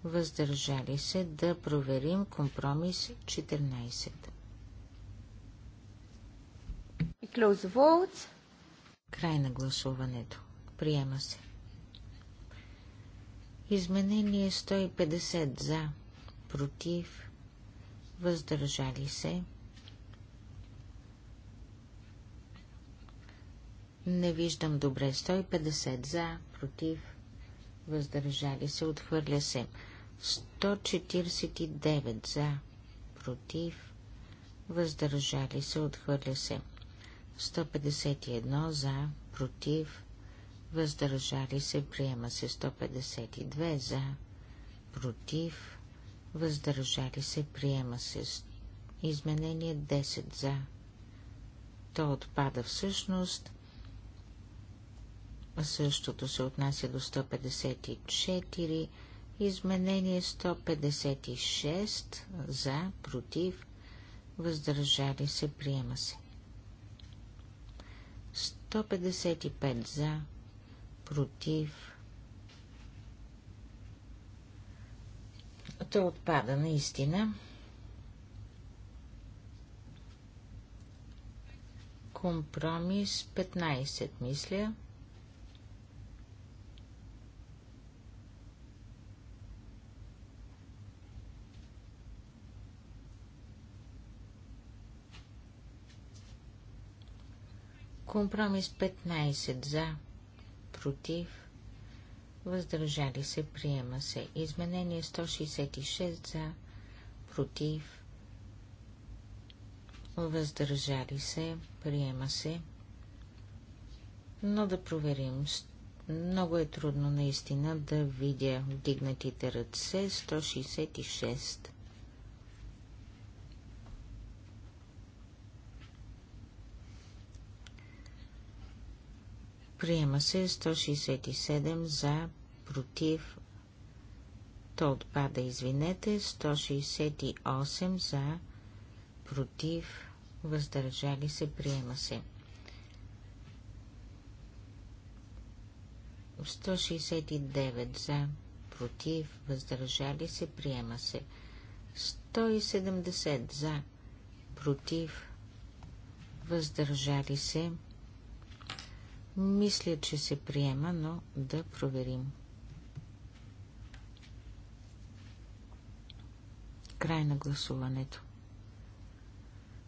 въздържали се, да проверим компромис 14. Край на гласуването. Приема се. Изменение 150 за, против, въздържали се. Не виждам добре. 150 за, против, въздържали се, отхвърля се. 149 за, против, въздържали се, отхвърля се. 151 за, против, въздържали се, приема се. 152 за, против, въздържали се, приема се. Изменение 10 за. То отпада всъщност. Същото се отнася до 154. Изменение 156 за, против, въздържали се, приема се. 155 за, против, Той отпада наистина. Компромис 15, мисля. Компромис 15 за, против, въздържали се, приема се. Изменение 166 за, против, въздържали се, приема се. Но да проверим. Много е трудно наистина да видя вдигнатите ръце. 166. Приема се 167 за, против. То отпада, извинете. 168 за, против. Въздържали се, приема се. 169 за, против, въздържали се, приема се. 170 за, против, въздържали се, мисля, че се приема, но да проверим. Край на гласуването.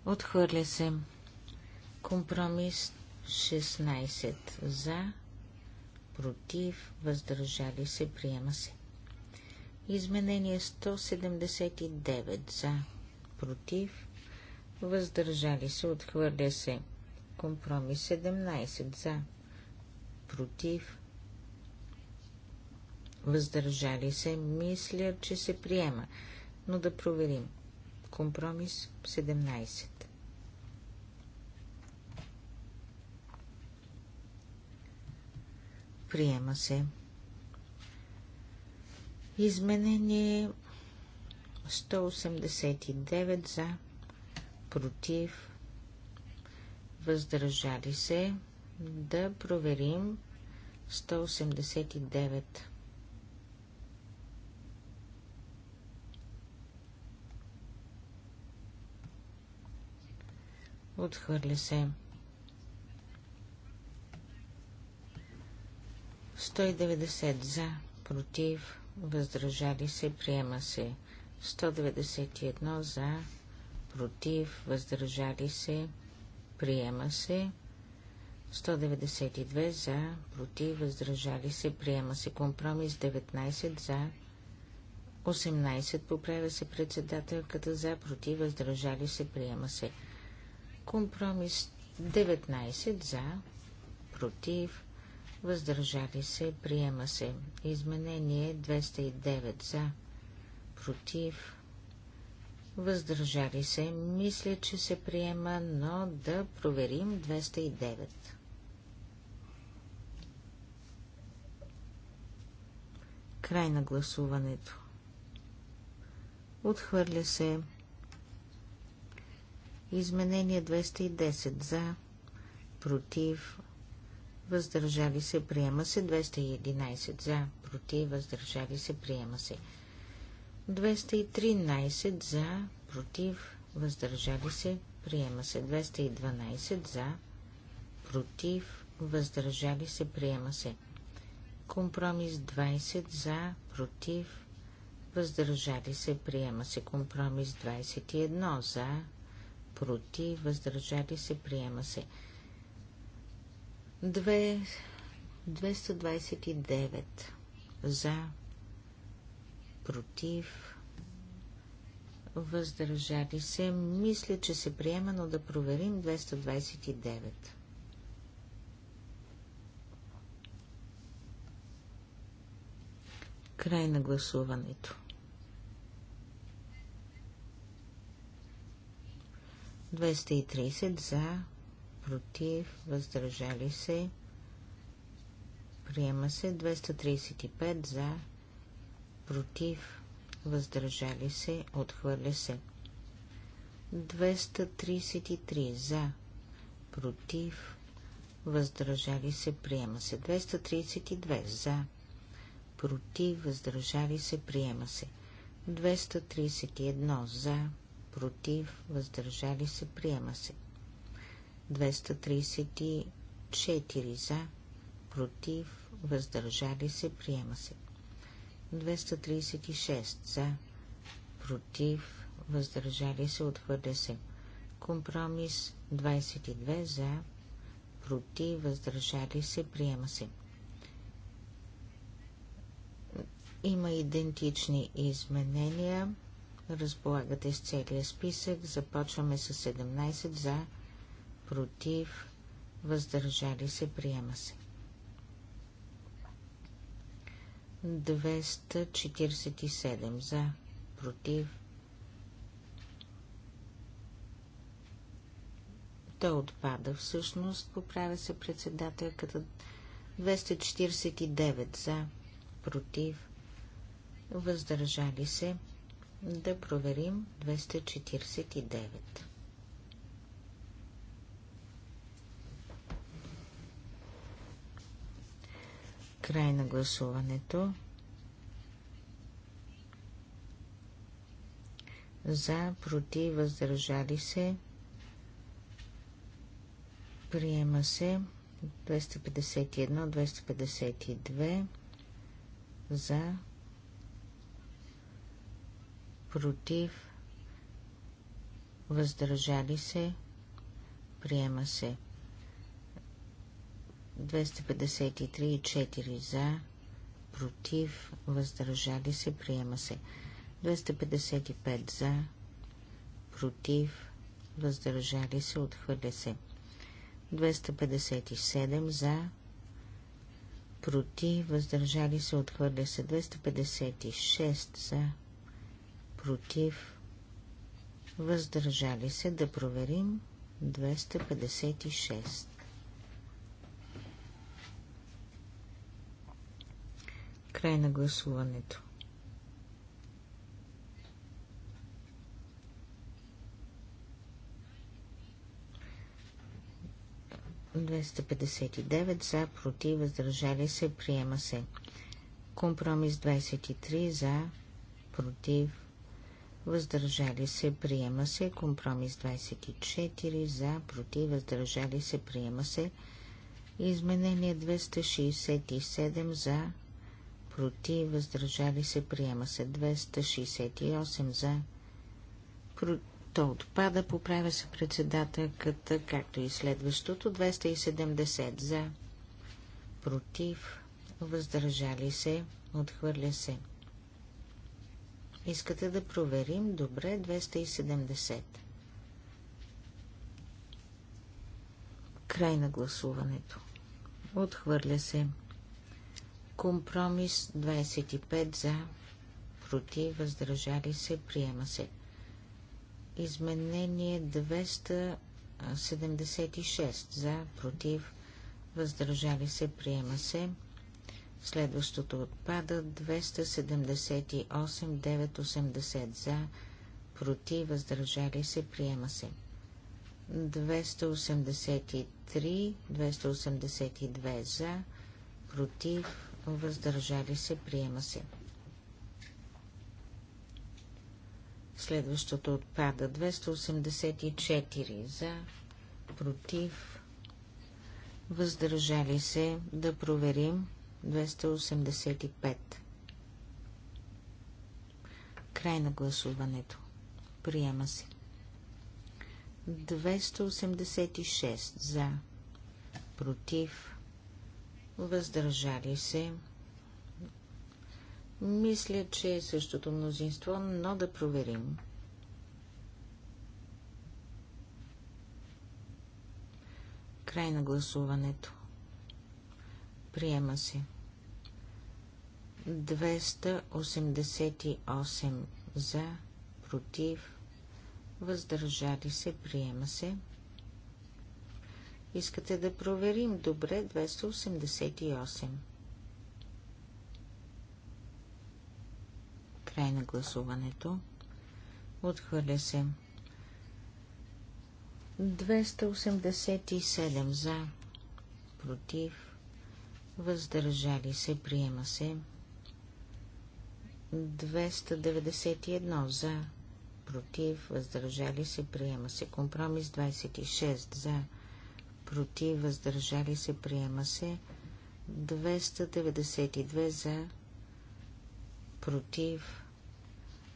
Отхвърля се. Компромис 16 за, против, въздържали се, приема се. Изменение 179 за, против, въздържали се, отхвърля се. Компромис 17 за, против, въздържали се, мисля, че се приема, но да проверим. Компромис 17. Приема се. Изменение 189 за, против, въздържали се, да проверим 189. Отхвърля се. 190 за, против, въздържали се, приема се. 191 за, против, въздържали се, приема се. 192 за, против, въздържали се, приема се компромис 19 за, 18 поправя се председателката за, против, въздържали се, приема се компромис 19 за, против, въздържали се, приема се изменение 209 за, против, въздържали се, мисля, че се приема, но да проверим 209. Край на гласуването. Отхвърля се. Изменение 210 за, против, въздържали се, приема се. 211 за, против, въздържали се, приема се. 213 за, против, въздържали се, приема се. 212 за, против, въздържали се, приема се. Компромис 20 за, против, въздържали се, приема се. Компромис 21 за, против, въздържали се, приема се. 229 за, против, въздържали се. Мисля, че се приема, но да проверим 229. Край на гласуването. 230 за, против, въздържали се. Приема се 235 за, против, въздържали се, отхвърля се. 233 за, против, въздържали се, приема се. 232 за, против, въздържали се, приема се. 231 за, против, въздържали се, приема се. 234 за, против, въздържали се, приема се. 236 за, против, въздържали се, отхвърля се. Компромис 22 за, против, въздържали се, приема се. Има идентични изменения. Разполагате с целия списък. Започваме с 17 за, против, въздържали се, приема се. 247 за, против. Той отпада всъщност, поправя се председателката. 249 за, против, въздържали се. Да проверим 249. Край на гласуването. За, против, въздържали се. Приема се 251, 252 за, против, въздържали се, приема се. 253 и 4 за, против, въздържали се, приема се. 255 за, против, въздържали се, отхвърля се. 257 за, против, въздържали се, отхвърля се. 256 за, против, въздържали се да проверим 256. Край на гласуването. Двеста за, против, въздържали се, приема се. Компромис 23 за, против, въздържали се, приема се, компромис 24, за, против, въздържали се, приема се, изменение 267, за, против, въздържали се, приема се, 268, за, против, то отпада, поправя се председателката, както и следващото, 270 за, против, въздържали се, отхвърля се, Искате да проверим? Добре, 270. Край на гласуването. Отхвърля се. Компромис 25 за, против, въздържали се, приема се. Изменение 276 за, против, въздържали се, приема се. Следващото отпада 278 980 за, против, въздържали се, приема се. 283 282 за, против, въздържали се, приема се. Следващото отпада 284 за, против, въздържали се, да проверим 285. Край на гласуването. Приема се. 286 за. Против. Въздържали се. Мисля, че е същото мнозинство, но да проверим. Край на гласуването. Приема се. 288 за, против, въздържали се, приема се. Искате да проверим? Добре, 288. Край на гласуването. Отхвърля се. 287 за, против, въздържали се, приема се. 291 за, против, въздържали се, приема се. Компромис 26 за, против, въздържали се, приема се. 292 за, против,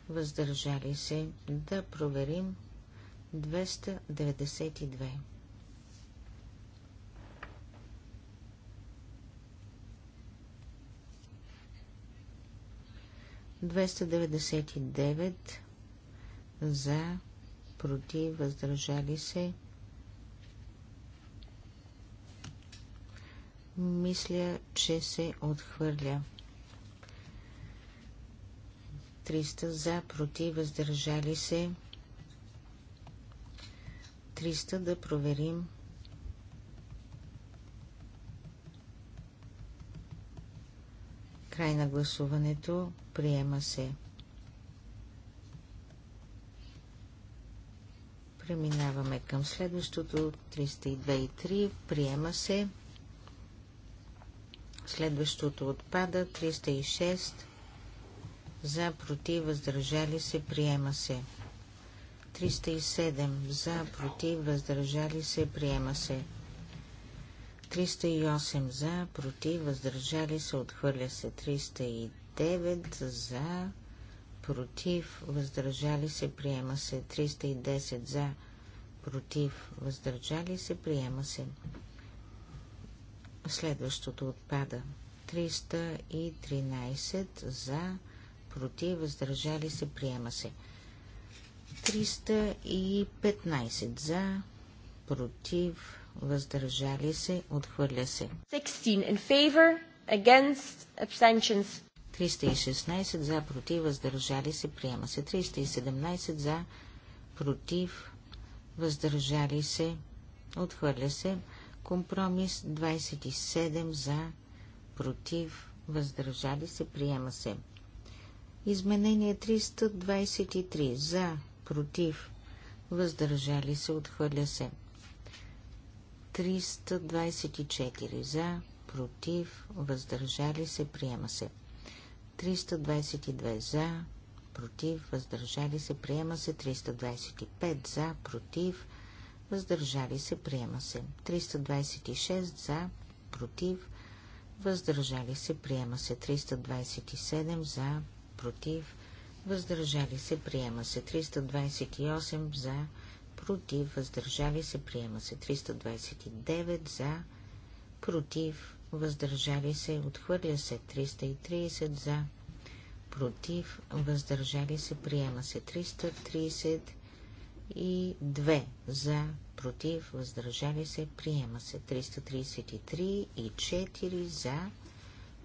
въздържали се. Да проверим. 292. 299 за, против, въздържали се. Мисля, че се отхвърля. 300 за, против, въздържали се. 300 да проверим. Край на гласуването. Приема се. Преминаваме към следващото 302 Приема се. Следващото отпада 306. За, против, въздържали се, приема се. 307. За, против, въздържали се, приема се. 308 за, против, въздържали се, отхвърля се 309 за, против, въздържали се, приема се 310 за, против, въздържали се, приема се. Следващото отпада. 313 за, против, въздържали се, приема се. 315 за, против, въздържали се, отхвърля се. 16 in favor, against, abstentions. 316 за, против, въздържали се, приема се. 317 за, против, въздържали се, отхвърля се. Компромис 27 за, против, въздържали се, приема се. Изменение 323 за, против, въздържали се, отхвърля се. 324 за, против, въздържали се, приема се. 322 за, против, въздържали се, приема се. 325 за, против, въздържали се, приема се. 326 за, против, въздържали се, приема се. 327 за, против, въздържали се, приема се. 328 за, против, против, въздържали се, приема се 329 за, против, въздържали се, отхвърля се 330 за, против, въздържали се, приема се 330 и 2 за, против, въздържали се, приема се 333 и 4 за,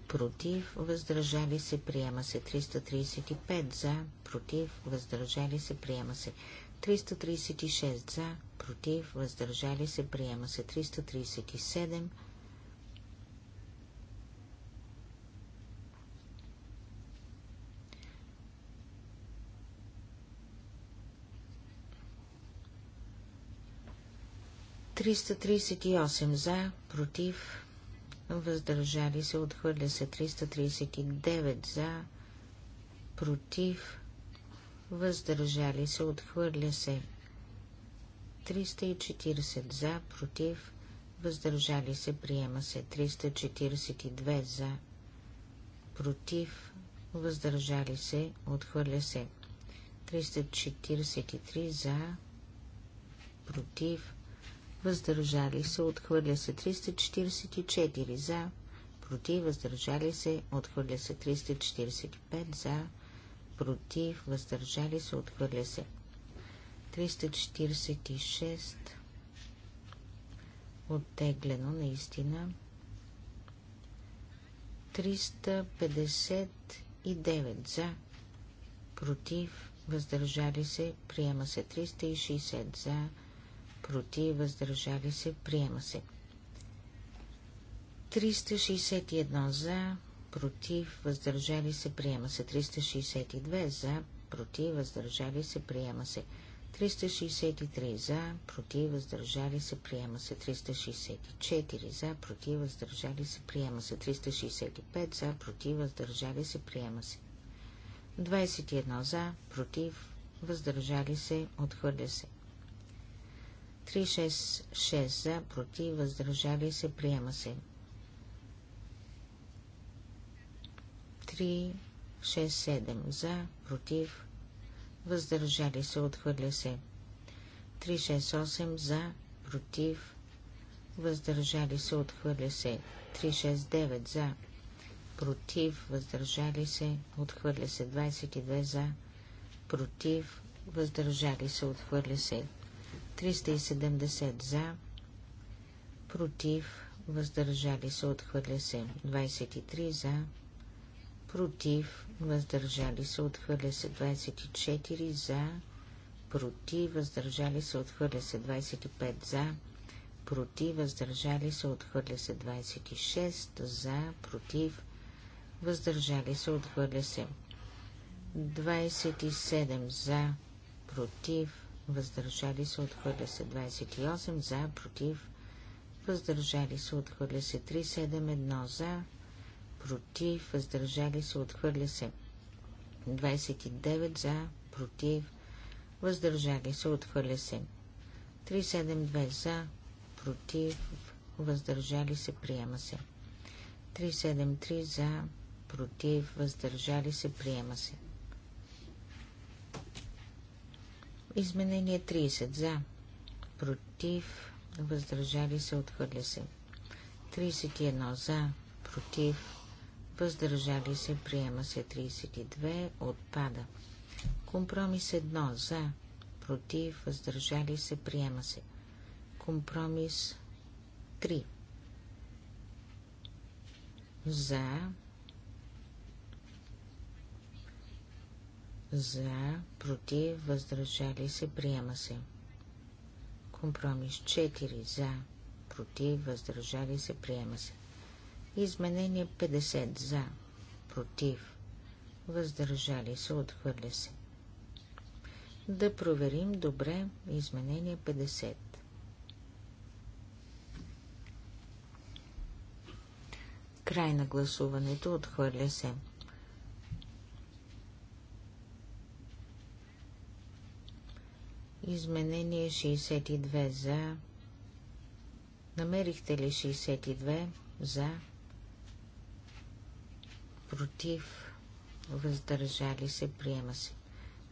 против, въздържали се, приема се 335 за, против, въздържали се, приема се 336 за, против, въздържали се, приема се 337. Триста за, против, въздържали се, отхвърля се 339 за, против, въздържали се, отхвърля се. 340 за, против, въздържали се, приема се. 342 за, против, въздържали се, отхвърля се. 343 за, против, въздържали се, отхвърля се. 344 за, против, въздържали се, отхвърля се. 345 за, против, въздържали се, отхвърля се. 346 оттеглено наистина. 359 за, против, въздържали се, приема се. 360 за, против, въздържали се, приема се. 361 за, против, въздържали се, приема се. 362 за, против, въздържали се, приема се. 363 за, против, въздържали се, приема се 364 за, против, въздържали се, приема се 365 за, против, въздържали се, приема се 21 за, против, въздържали се, отхвърля се 366 за, против, въздържали се, приема се 3, 6, 7 за, против, въздържали се, отхвърля се. 3, 6, 8 за, против, въздържали се, отхвърля се. 3, 6, 9 за, против, въздържали се, отхвърля се. 22 за, против, въздържали се, отхвърля се. 370 за, против, въздържали се, отхвърля се. 23 за, против, въздържали се, отхвърля се 24 за, против, въздържали се, отхвърля се 25 за, против, въздържали се, отхвърля се 26 за, против, въздържали се, отхвърля се 27 за, против, въздържали се, отхвърля се 28 за, против, въздържали се, отхвърля се 371 за, против, въздържали се, отхвърля се. 29 за, против, въздържали се, отхвърля се. 372 за, против, въздържали се, приема се. 373 за, против, въздържали се, приема се. Изменение 30 за, против, въздържали се, отхвърля се. 31 за, против, въздържали се, приема се 32, отпада. Компромис 1 за, против, въздържали се, приема се. Компромис 3 за, за, против, въздържали се, приема се. Компромис 4 за, против, въздържали се, приема се. Изменение 50 за, против, въздържали се, отхвърля се. Да проверим добре изменение 50. Край на гласуването отхвърля се. Изменение 62 за. Намерихте ли 62 за? против, въздържали се, приема се.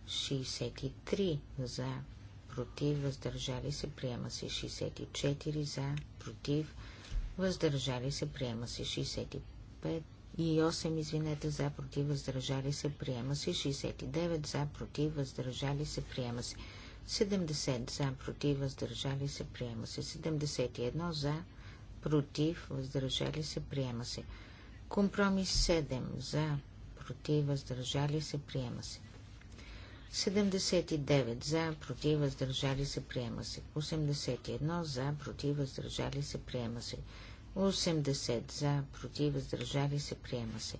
63 за, против, въздържали се, приема се. 64 за, против, въздържали се, приема се. 65 и 8, извинете, за, против, въздържали се, приема се. 69 за, против, въздържали се, приема се. 70 за, против, въздържали се, приема се. 71 за, против, въздържали се, приема се. Компромис 7 за, против, въздържали се, приема се. 79 за, против, въздържали се, приема се. 81 за, против, въздържали се, приема се. 80 за, против, въздържали се, приема се.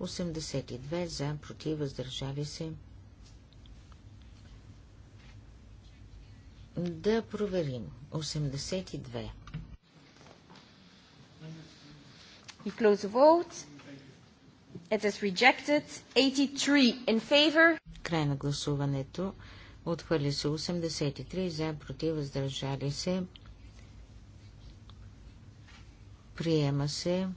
82 за, против, въздържали се. Да проверим. 82. We close the vote. It is rejected. 83 in favor. Край на гласуването. Отхвърли се 83 за, против, въздържали се. Приема се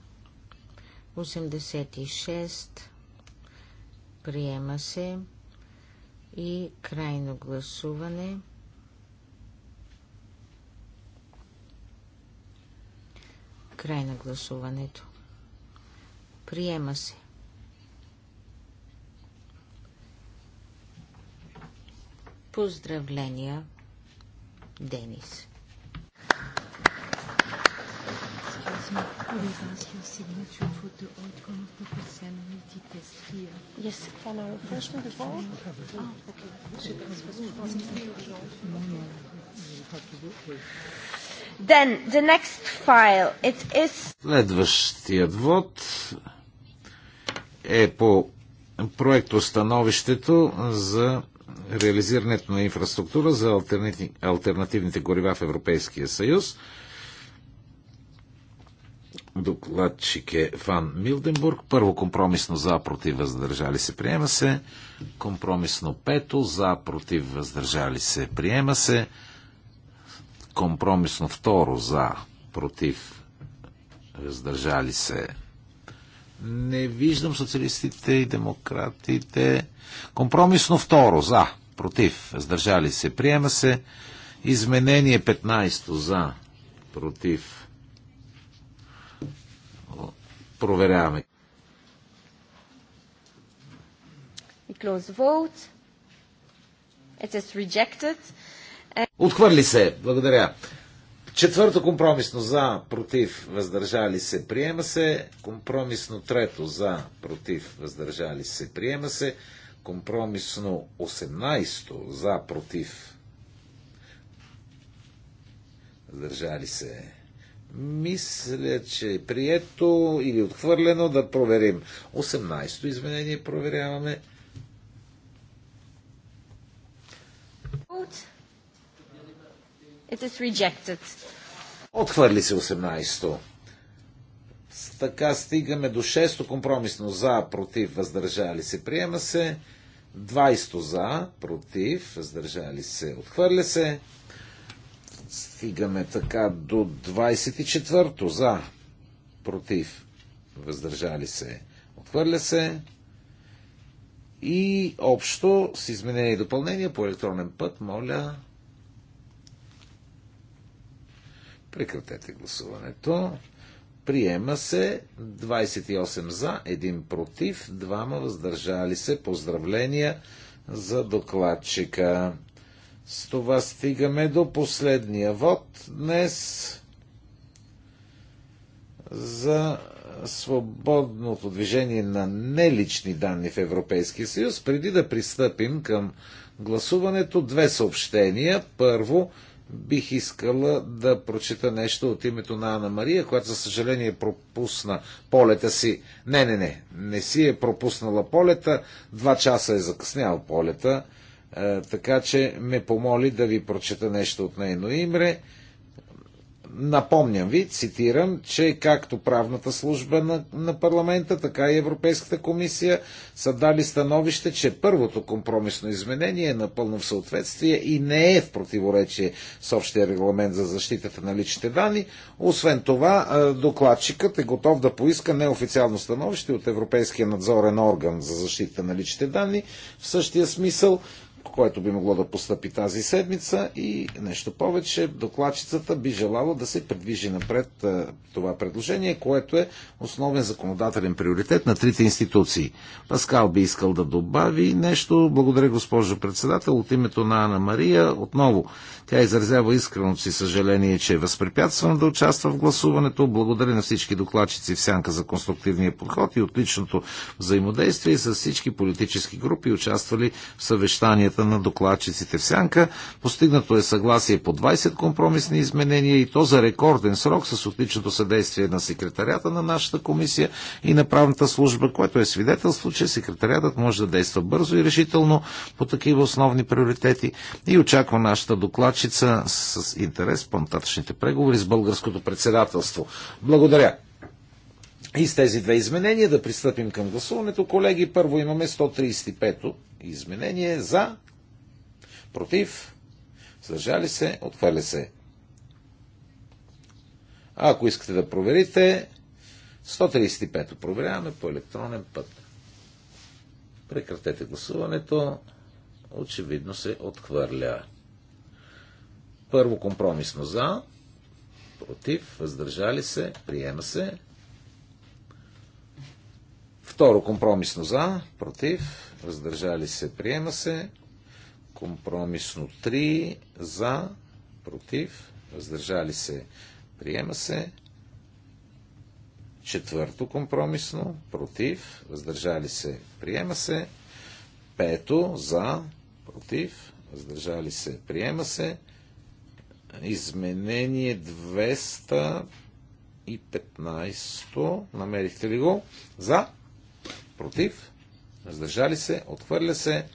86. Приема се и крайно гласуване. Край на гласуването. Приема се. Поздравления, Денис. Yes, can I refresh the vote? Oh, okay. Then the next file, it is... Следващият вод е по становището за реализирането на инфраструктура за альтернативните горива в Европейския съюз. Докладчик е Ван Милденбург. Първо компромисно за, против, въздържали се, приема се. Компромисно пето, за, против, въздържали се, приема се. Компромисно второ, за, против, въздържали се, не виждам социалистите и демократите. Компромисно второ. За. Против. Сдържали се. Приема се. Изменение 15. За. Против. Проверяваме. Отхвърли се. Благодаря. Четвърто компромисно за, против, въздържали се, приема се. Компромисно трето за, против, въздържали се, приема се. Компромисно 18 за, против, въздържали се. Мисля, че е прието или отхвърлено да проверим. 18-то изменение проверяваме. It is rejected. Отхвърли се 18-то. Така стигаме до 6-то компромисно за, против, въздържали се, приема се. 20-то за, против, въздържали се, отхвърля се. Стигаме така до 24-то за, против, въздържали се, отхвърля се. И общо с изменение и допълнение по електронен път, моля, Прекратете гласуването. Приема се 28 за, 1 против, 2 въздържали се. Поздравления за докладчика. С това стигаме до последния вод днес за свободното движение на нелични данни в Европейския съюз. Преди да пристъпим към гласуването, две съобщения. Първо, бих искала да прочита нещо от името на Ана Мария, която за съжаление пропусна полета си. Не, не, не, не си е пропуснала полета, два часа е закъснял полета, е, така че ме помоли да ви прочета нещо от нейно имре. Напомням ви, цитирам, че както правната служба на, на парламента, така и Европейската комисия са дали становище, че първото компромисно изменение е напълно в съответствие и не е в противоречие с общия регламент за защитата на личните данни. Освен това, докладчикът е готов да поиска неофициално становище от Европейския надзорен орган за защита на личните данни в същия смисъл което би могло да постъпи тази седмица и нещо повече, докладчицата би желала да се придвижи напред е, това предложение, което е основен законодателен приоритет на трите институции. Паскал би искал да добави нещо. Благодаря, госпожо председател, от името на Ана Мария. Отново, тя изразява искреното си съжаление, че е възпрепятствана да участва в гласуването. Благодаря на всички докладчици в сянка за конструктивния подход и отличното взаимодействие с всички политически групи, участвали в съвещанието комисията на докладчиците в Сянка. Постигнато е съгласие по 20 компромисни изменения и то за рекорден срок с отличното съдействие на секретарята на нашата комисия и на правната служба, което е свидетелство, че секретарятът може да действа бързо и решително по такива основни приоритети и очаква нашата докладчица с интерес по-нататъчните преговори с българското председателство. Благодаря. И с тези две изменения да пристъпим към гласуването. Колеги, първо имаме 135-то изменение за, против, съжали се, отхвърля се. А ако искате да проверите, 135-то проверяваме по електронен път. Прекратете гласуването. Очевидно се отхвърля. Първо компромисно за, против, въздържали се, приема се. Второ компромисно за, против, въздържали се, приема се. Компромисно 3 за, против, въздържали се, приема се. Четвърто компромисно, против, въздържали се, приема се. Пето за, против, въздържали се, приема се. Изменение 215. Намерихте ли го? За против, въздържали се, отхвърля се.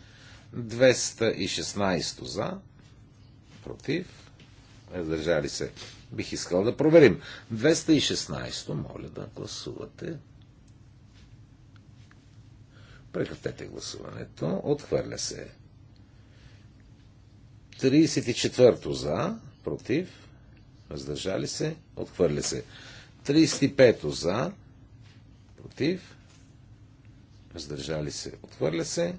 216 за, против, въздържали се. Бих искал да проверим. 216, моля да гласувате. Прекратете гласуването. Отхвърля се. 34 за, против, въздържали се, отхвърля се. 35 за, против, въздържали се, отхвърля се.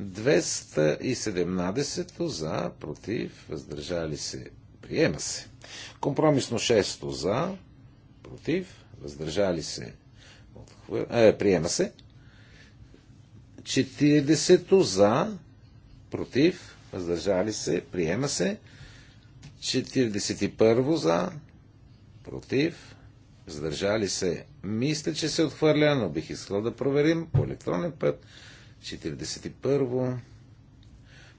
217 за, против, въздържали се, приема се. Компромисно 6 за, против, въздържали се, отхвър... е, приема се. 40 за, против, въздържали се, приема се. 41 за, против, въздържали се, мисля, че се отхвърля, но бих искал да проверим по електронен път. 41.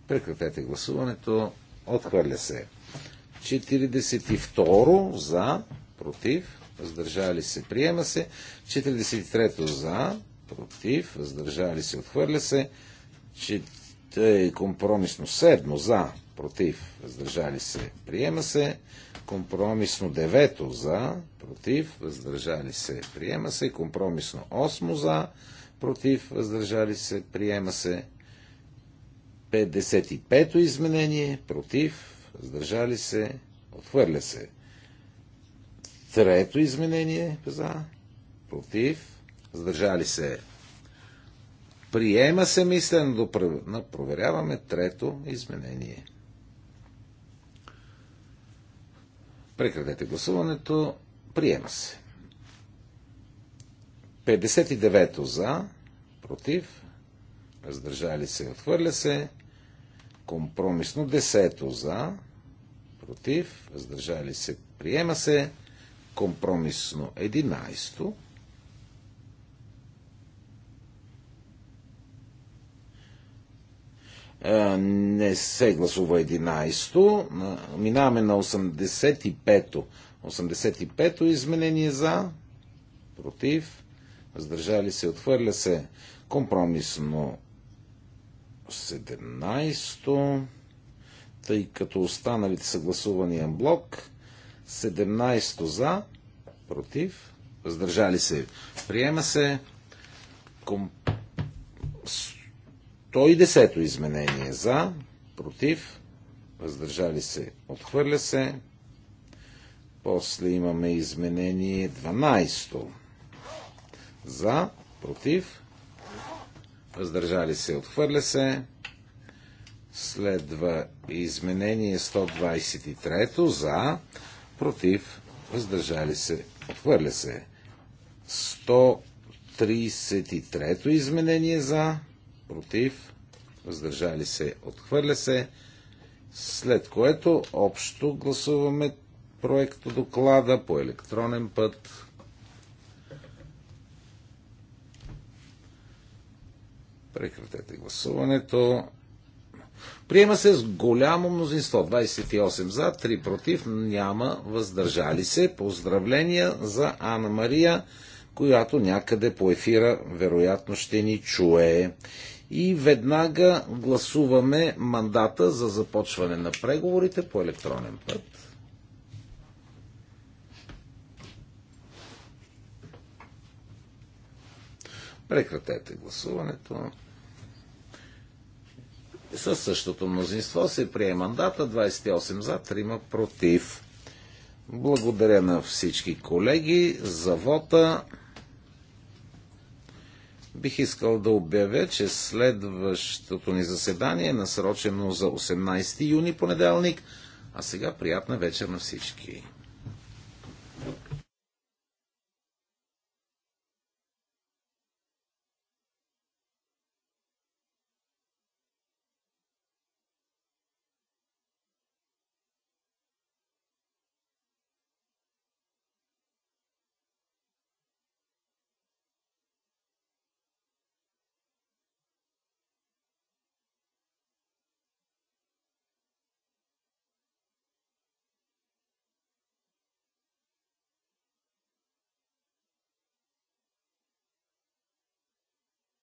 Прекратете гласуването. Отхвърля се. 42 за, против, въздържали се, приема се. 43 за, против, въздържали се, отхвърля се. Компромисно 7 за, против, въздържали се, приема се. Компромисно девето за, против, въздържали се, приема се. Компромисно осмо за, против, въздържали се, приема се. 55-то изменение, против, въздържали се, отхвърля се. Трето изменение за, против, въздържали се, Приема се мисля, но проверяваме трето изменение. Прекратете гласуването. Приема се. 59-то за, против, въздържали се, отхвърля се. Компромисно 10-то за, против, въздържали се, приема се. Компромисно 11-то Е, не се гласува 11-то. Е, минаваме на 85-то. 85-то изменение за, против, въздържали се, отхвърля се компромисно 17-то, тъй като останалите са гласувани блок. 17-то за, против, въздържали се, приема се компромисно 110 изменение за, против, въздържали се, отхвърля се. После имаме изменение 12 за, против, въздържали се, отхвърля се. Следва изменение 123 за, против, въздържали се, отхвърля се. 133 изменение за, против, въздържали се, отхвърля се, след което общо гласуваме проекта доклада по електронен път. Прекратете гласуването. Приема се с голямо мнозинство. 28 за, 3 против, няма въздържали се. Поздравления за Анна Мария, която някъде по ефира вероятно ще ни чуе и веднага гласуваме мандата за започване на преговорите по електронен път. Прекратете гласуването. Със същото мнозинство се прие мандата 28 за 3 против. Благодаря на всички колеги за вота. Бих искал да обявя, че следващото ни заседание е насрочено за 18 юни понеделник, а сега приятна вечер на всички.